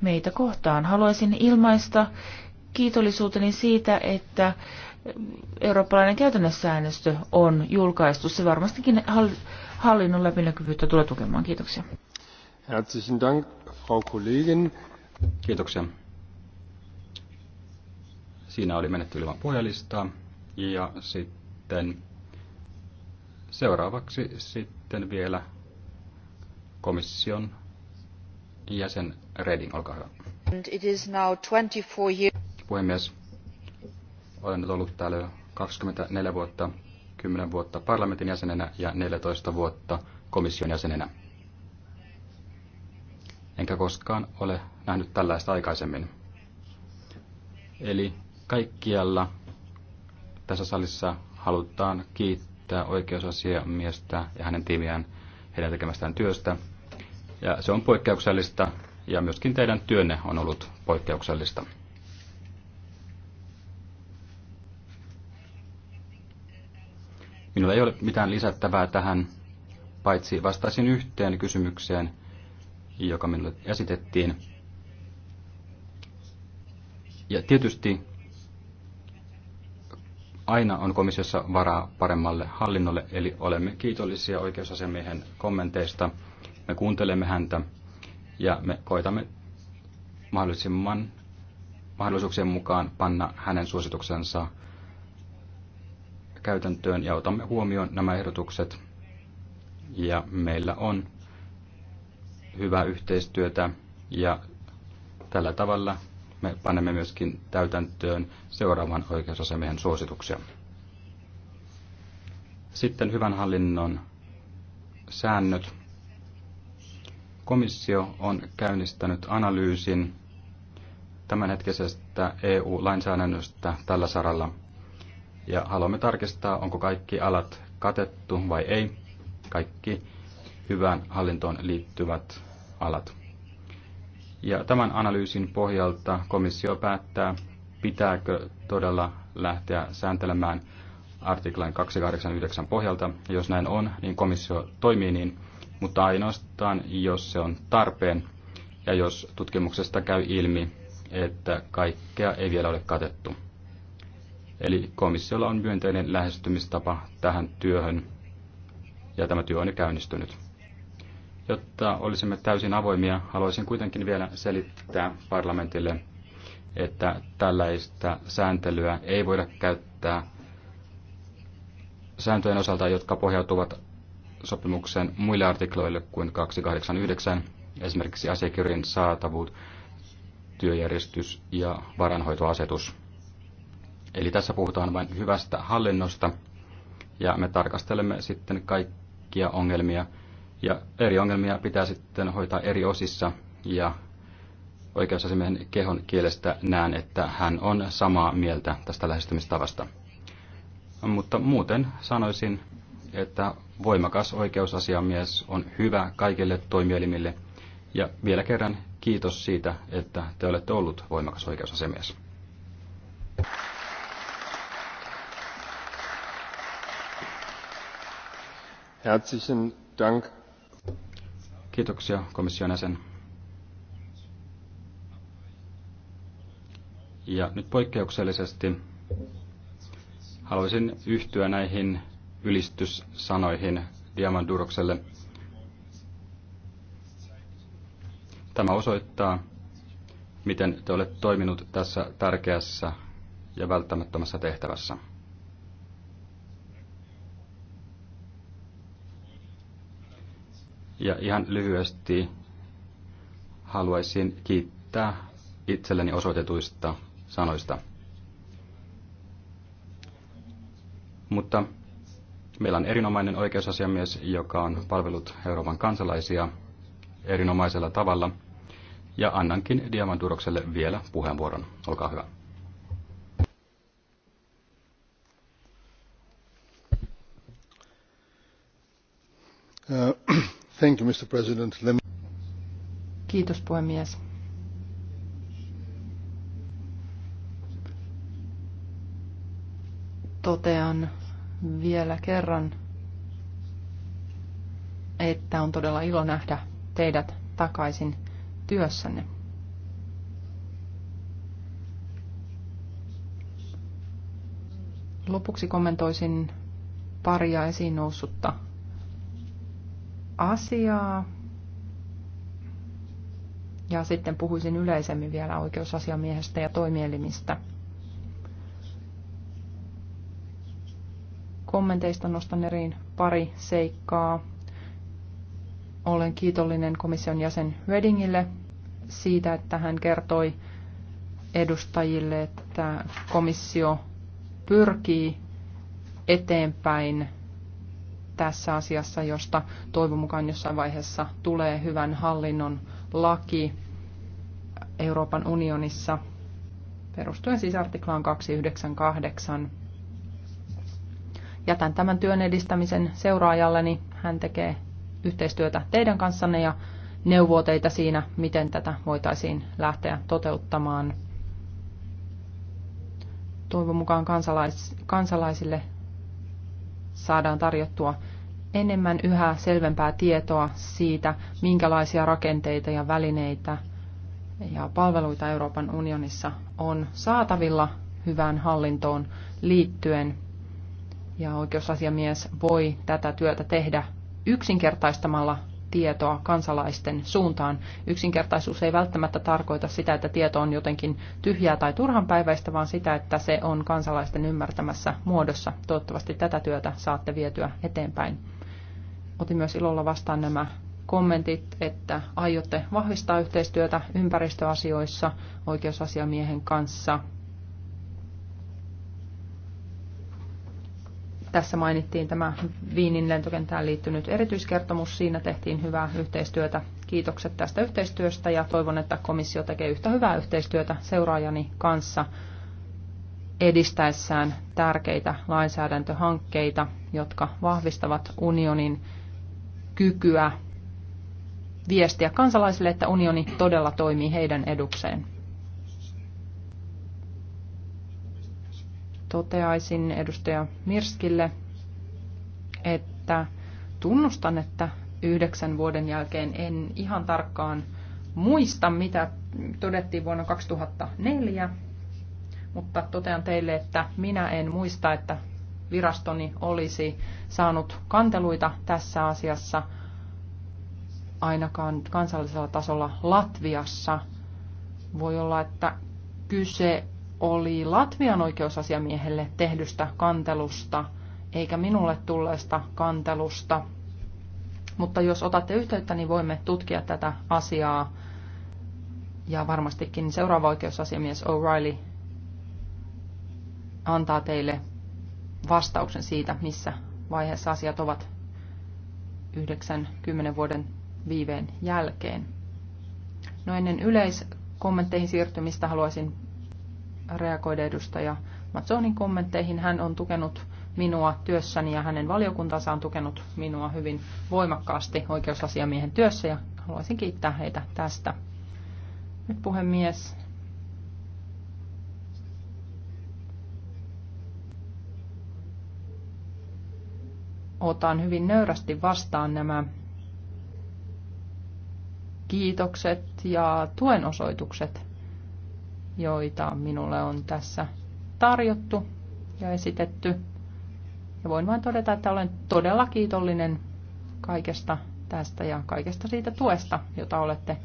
meitä kohtaan, haluaisin ilmaista kiitollisuuteni siitä, että eurooppalainen käytännössäännöstö on julkaistu. Se varmastikin hallinnon läpinäkyvyyttä tulee tukemaan. Kiitoksia. Herzlichen Dank, Frau Kollegin. Kiitoksia. Siinä oli menetty ilman puhujalistaa. Ja sitten seuraavaksi sitten vielä komission jäsen Reding, olkaa hyvä. And it is now 24 years. Puhemies, olen nyt ollut täällä jo 24 vuotta, 10 vuotta parlamentin jäsenenä ja 14 vuotta komission jäsenenä. Enkä koskaan ole nähnyt tällaista aikaisemmin. Eli kaikkialla tässä salissa halutaan kiittää oikeusasiamiestä ja hänen tiimiään heidän tekemästään työstä. Ja se on poikkeuksellista ja myöskin teidän työnne on ollut poikkeuksellista. Minulla ei ole mitään lisättävää tähän, paitsi vastaisin yhteen kysymykseen, joka minulle esitettiin. Ja tietysti aina on komissiossa varaa paremmalle hallinnolle, eli olemme kiitollisia oikeusasiamiehen kommenteista. Me kuuntelemme häntä ja me koitamme mahdollisimman mahdollisuuksien mukaan panna hänen suosituksensa käytäntöön ja otamme huomioon nämä ehdotukset. Ja meillä on hyvää yhteistyötä ja tällä tavalla me panemme myöskin täytäntöön seuraavan oikeusasemien suosituksia. Sitten hyvän hallinnon säännöt. Komissio on käynnistänyt analyysin tämänhetkisestä EU-lainsäädännöstä tällä saralla – ja haluamme tarkistaa, onko kaikki alat katettu vai ei, kaikki hyvään hallintoon liittyvät alat. Ja tämän analyysin pohjalta komissio päättää, pitääkö todella lähteä sääntelemään artiklan 289 pohjalta. Jos näin on, niin komissio toimii niin, mutta ainoastaan jos se on tarpeen ja jos tutkimuksesta käy ilmi, että kaikkea ei vielä ole katettu. Eli komissiolla on myönteinen lähestymistapa tähän työhön, ja tämä työ on jo käynnistynyt. Jotta olisimme täysin avoimia, haluaisin kuitenkin vielä selittää parlamentille, että tällaista sääntelyä ei voida käyttää sääntöjen osalta, jotka pohjautuvat sopimuksen muille artikloille kuin 289, esimerkiksi asiakirjan saatavuus, työjärjestys ja varanhoitoasetus. Eli tässä puhutaan vain hyvästä hallinnosta ja me tarkastelemme sitten kaikkia ongelmia ja eri ongelmia pitää sitten hoitaa eri osissa ja oikeusasiamiehen kehon kielestä näen, että hän on samaa mieltä tästä lähestymistavasta. Mutta muuten sanoisin, että voimakas oikeusasiamies on hyvä kaikille toimielimille. Ja vielä kerran kiitos siitä, että te olette ollut voimakas oikeusasiamies. Herzlichen Dank. Kiitoksia komission jäsen. Ja nyt poikkeuksellisesti haluaisin yhtyä näihin ylistyssanoihin Diamandurokselle. Tämä osoittaa, miten te olette toiminut tässä tärkeässä ja välttämättömässä tehtävässä. Ja ihan lyhyesti haluaisin kiittää itselleni osoitetuista sanoista. Mutta meillä on erinomainen oikeusasiamies, joka on palvellut Euroopan kansalaisia erinomaisella tavalla. Ja annankin Diamandurokselle vielä puheenvuoron. Olkaa hyvä. Äh, Thank you, Mr. President. Lem- Kiitos puhemies. Totean vielä kerran, että on todella ilo nähdä teidät takaisin työssänne. Lopuksi kommentoisin paria esiin noussutta asiaa. Ja sitten puhuisin yleisemmin vielä oikeusasiamiehestä ja toimielimistä. Kommenteista nostan eriin pari seikkaa. Olen kiitollinen komission jäsen Redingille siitä, että hän kertoi edustajille, että komissio pyrkii eteenpäin tässä asiassa, josta toivon mukaan jossain vaiheessa tulee hyvän hallinnon laki Euroopan unionissa perustuen siis artiklaan 298. Jätän tämän työn edistämisen seuraajalleni. Hän tekee yhteistyötä teidän kanssanne ja neuvoo teitä siinä, miten tätä voitaisiin lähteä toteuttamaan. Toivon mukaan kansalais, kansalaisille saadaan tarjottua enemmän yhä selvempää tietoa siitä, minkälaisia rakenteita ja välineitä ja palveluita Euroopan unionissa on saatavilla hyvään hallintoon liittyen. Ja oikeusasiamies voi tätä työtä tehdä yksinkertaistamalla tietoa kansalaisten suuntaan. Yksinkertaisuus ei välttämättä tarkoita sitä, että tieto on jotenkin tyhjää tai turhanpäiväistä, vaan sitä, että se on kansalaisten ymmärtämässä muodossa. Toivottavasti tätä työtä saatte vietyä eteenpäin. Otin myös ilolla vastaan nämä kommentit, että aiotte vahvistaa yhteistyötä ympäristöasioissa oikeusasiamiehen kanssa – Tässä mainittiin tämä Viinin lentokenttään liittynyt erityiskertomus. Siinä tehtiin hyvää yhteistyötä. Kiitokset tästä yhteistyöstä ja toivon, että komissio tekee yhtä hyvää yhteistyötä seuraajani kanssa edistäessään tärkeitä lainsäädäntöhankkeita, jotka vahvistavat unionin kykyä viestiä kansalaisille, että unioni todella toimii heidän edukseen. toteaisin edustaja Mirskille, että tunnustan, että yhdeksän vuoden jälkeen en ihan tarkkaan muista, mitä todettiin vuonna 2004, mutta totean teille, että minä en muista, että virastoni olisi saanut kanteluita tässä asiassa ainakaan kansallisella tasolla Latviassa. Voi olla, että kyse oli Latvian oikeusasiamiehelle tehdystä kantelusta, eikä minulle tulleesta kantelusta. Mutta jos otatte yhteyttä, niin voimme tutkia tätä asiaa. Ja varmastikin seuraava oikeusasiamies O'Reilly antaa teille vastauksen siitä, missä vaiheessa asiat ovat 90 vuoden viiveen jälkeen. No ennen yleiskommentteihin siirtymistä haluaisin reagoida edustaja Matsonin kommentteihin. Hän on tukenut minua työssäni ja hänen valiokuntansa on tukenut minua hyvin voimakkaasti oikeusasiamiehen työssä ja haluaisin kiittää heitä tästä. Nyt puhemies. Otan hyvin nöyrästi vastaan nämä kiitokset ja tuen osoitukset joita minulle on tässä tarjottu ja esitetty. Ja voin vain todeta, että olen todella kiitollinen kaikesta tästä ja kaikesta siitä tuesta, jota olette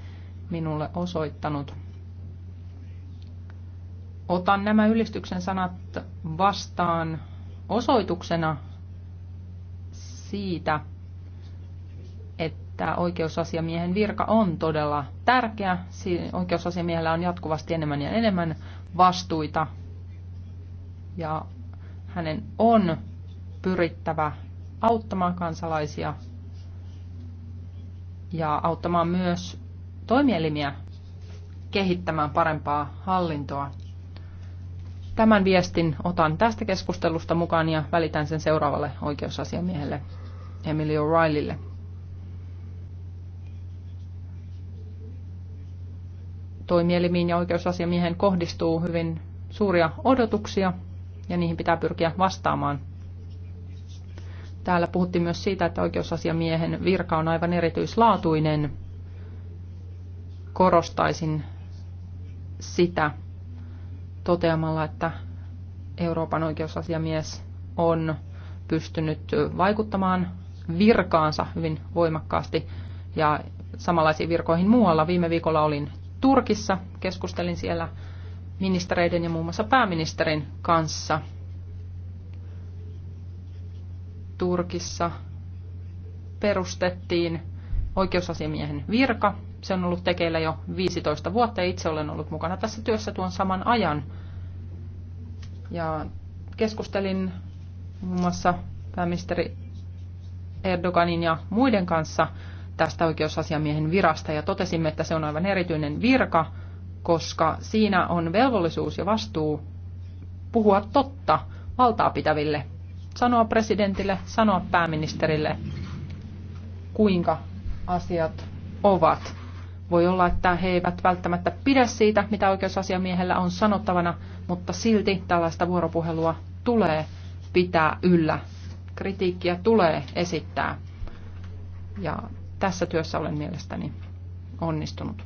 minulle osoittanut. Otan nämä ylistyksen sanat vastaan osoituksena siitä, tämä oikeusasiamiehen virka on todella tärkeä. Oikeusasiamiehellä on jatkuvasti enemmän ja enemmän vastuita ja hänen on pyrittävä auttamaan kansalaisia ja auttamaan myös toimielimiä kehittämään parempaa hallintoa. Tämän viestin otan tästä keskustelusta mukaan ja välitän sen seuraavalle oikeusasiamiehelle Emilio O'Reillylle. toimielimiin ja oikeusasiamiehen kohdistuu hyvin suuria odotuksia ja niihin pitää pyrkiä vastaamaan. Täällä puhuttiin myös siitä, että oikeusasiamiehen virka on aivan erityislaatuinen. Korostaisin sitä toteamalla, että Euroopan oikeusasiamies on pystynyt vaikuttamaan virkaansa hyvin voimakkaasti ja samanlaisiin virkoihin muualla. Viime viikolla olin Turkissa. Keskustelin siellä ministereiden ja muun muassa pääministerin kanssa. Turkissa perustettiin oikeusasiamiehen virka. Se on ollut tekeillä jo 15 vuotta ja itse olen ollut mukana tässä työssä tuon saman ajan. Ja keskustelin muun muassa pääministeri Erdoganin ja muiden kanssa tästä oikeusasiamiehen virasta ja totesimme, että se on aivan erityinen virka, koska siinä on velvollisuus ja vastuu puhua totta valtaa pitäville, sanoa presidentille, sanoa pääministerille, kuinka asiat ovat. Voi olla, että he eivät välttämättä pidä siitä, mitä oikeusasiamiehellä on sanottavana, mutta silti tällaista vuoropuhelua tulee pitää yllä. Kritiikkiä tulee esittää. Ja tässä työssä olen mielestäni onnistunut.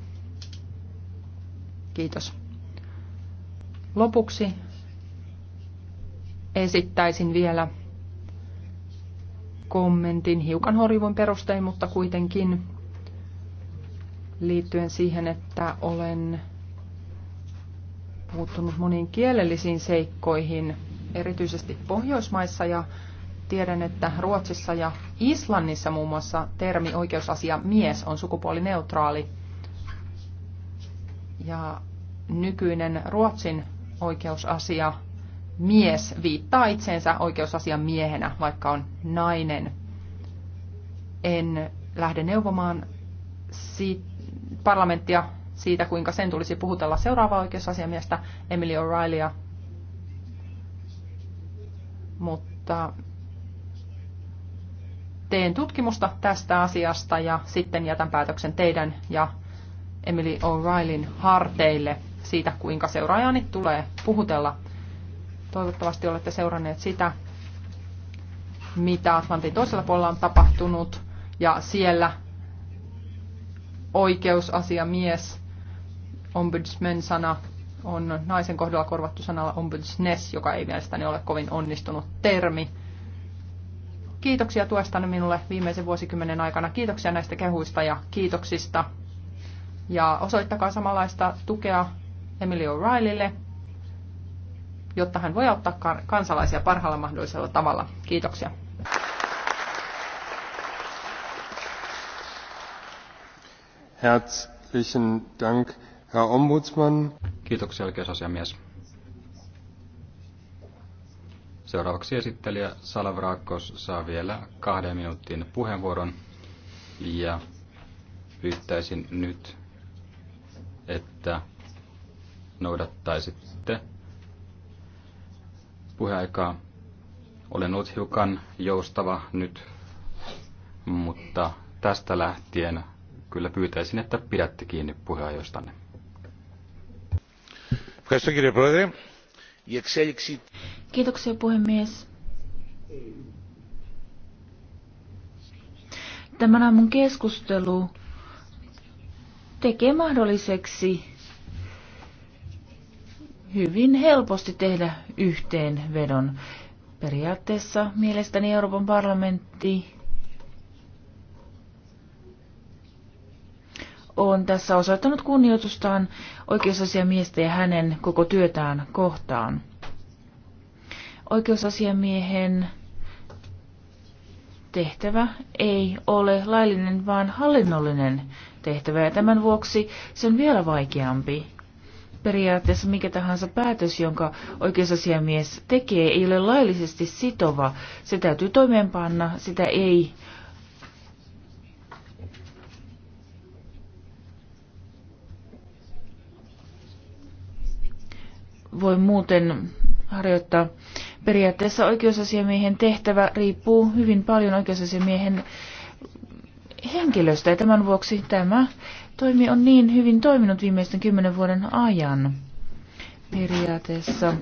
Kiitos. Lopuksi esittäisin vielä kommentin hiukan horjuvin perustein, mutta kuitenkin liittyen siihen, että olen puuttunut moniin kielellisiin seikkoihin, erityisesti Pohjoismaissa ja Tiedän, että Ruotsissa ja Islannissa muun muassa termi oikeusasia mies on sukupuolineutraali. Ja nykyinen Ruotsin oikeusasia mies viittaa itseensä oikeusasian miehenä, vaikka on nainen. En lähde neuvomaan siitä, parlamenttia siitä, kuinka sen tulisi puhutella seuraavaa oikeusasiamiestä Emily O'Reillya. Mutta teen tutkimusta tästä asiasta ja sitten jätän päätöksen teidän ja Emily O'Reillyn harteille siitä, kuinka seuraajani tulee puhutella. Toivottavasti olette seuranneet sitä, mitä Atlantin toisella puolella on tapahtunut ja siellä oikeusasiamies, ombudsman-sana on naisen kohdalla korvattu sanalla ombudsness, joka ei mielestäni ole kovin onnistunut termi. Kiitoksia tuestanne minulle viimeisen vuosikymmenen aikana. Kiitoksia näistä kehuista ja kiitoksista. Ja osoittakaa samanlaista tukea Emily O'Reillylle, jotta hän voi auttaa kansalaisia parhaalla mahdollisella tavalla. Kiitoksia. Herzlichen Dank, Herr Ombudsman. Kiitoksia oikeusasiamies. Seuraavaksi esittelijä Salavrakos saa vielä kahden minuutin puheenvuoron ja pyytäisin nyt, että noudattaisitte puheaikaa. Olen ollut hiukan joustava nyt, mutta tästä lähtien kyllä pyytäisin, että pidätte kiinni puheajoistanne. Kiitos, Η εξέλιξη... Kiitoksia puhemies. Tämän aamun keskustelu tekee mahdolliseksi hyvin helposti tehdä yhteenvedon. Periaatteessa mielestäni Euroopan parlamentti on tässä osoittanut kunnioitustaan oikeusasiamiestä ja hänen koko työtään kohtaan. Oikeusasiamiehen tehtävä ei ole laillinen, vaan hallinnollinen tehtävä, ja tämän vuoksi se on vielä vaikeampi. Periaatteessa mikä tahansa päätös, jonka oikeusasiamies tekee, ei ole laillisesti sitova. Se täytyy toimeenpanna, sitä ei voi muuten harjoittaa. Periaatteessa oikeusasiamiehen tehtävä riippuu hyvin paljon oikeusasiamiehen henkilöstä ja tämän vuoksi tämä toimi on niin hyvin toiminut viimeisten kymmenen vuoden ajan. Periaatteessa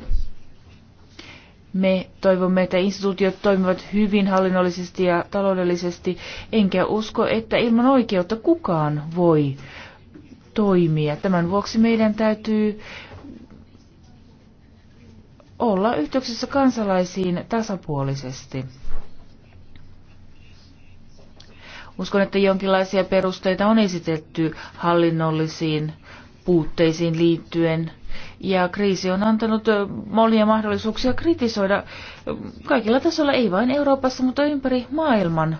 me toivomme, että instituutiot toimivat hyvin hallinnollisesti ja taloudellisesti, enkä usko, että ilman oikeutta kukaan voi toimia. Tämän vuoksi meidän täytyy olla yhteyksissä kansalaisiin tasapuolisesti. Uskon, että jonkinlaisia perusteita on esitetty hallinnollisiin puutteisiin liittyen. Ja kriisi on antanut monia mahdollisuuksia kritisoida kaikilla tasolla, ei vain Euroopassa, mutta ympäri maailman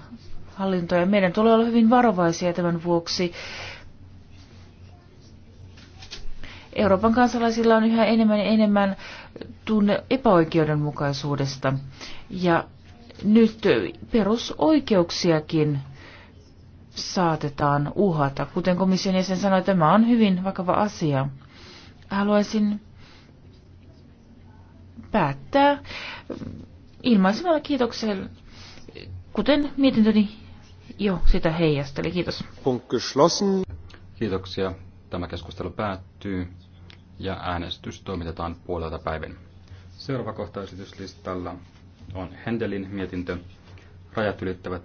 hallintoja. Meidän tulee olla hyvin varovaisia tämän vuoksi Euroopan kansalaisilla on yhä enemmän ja enemmän tunne epäoikeudenmukaisuudesta. Ja nyt perusoikeuksiakin saatetaan uhata. Kuten komission jäsen sanoi, tämä on hyvin vakava asia. Haluaisin päättää ilmaisemalla kiitoksen, kuten mietintöni jo sitä heijasteli. Kiitos. Kiitoksia. Tämä keskustelu päättyy ja äänestys toimitetaan puolelta päivän. Seuraava kohta esityslistalla on Händelin mietintö Rajat ylittävät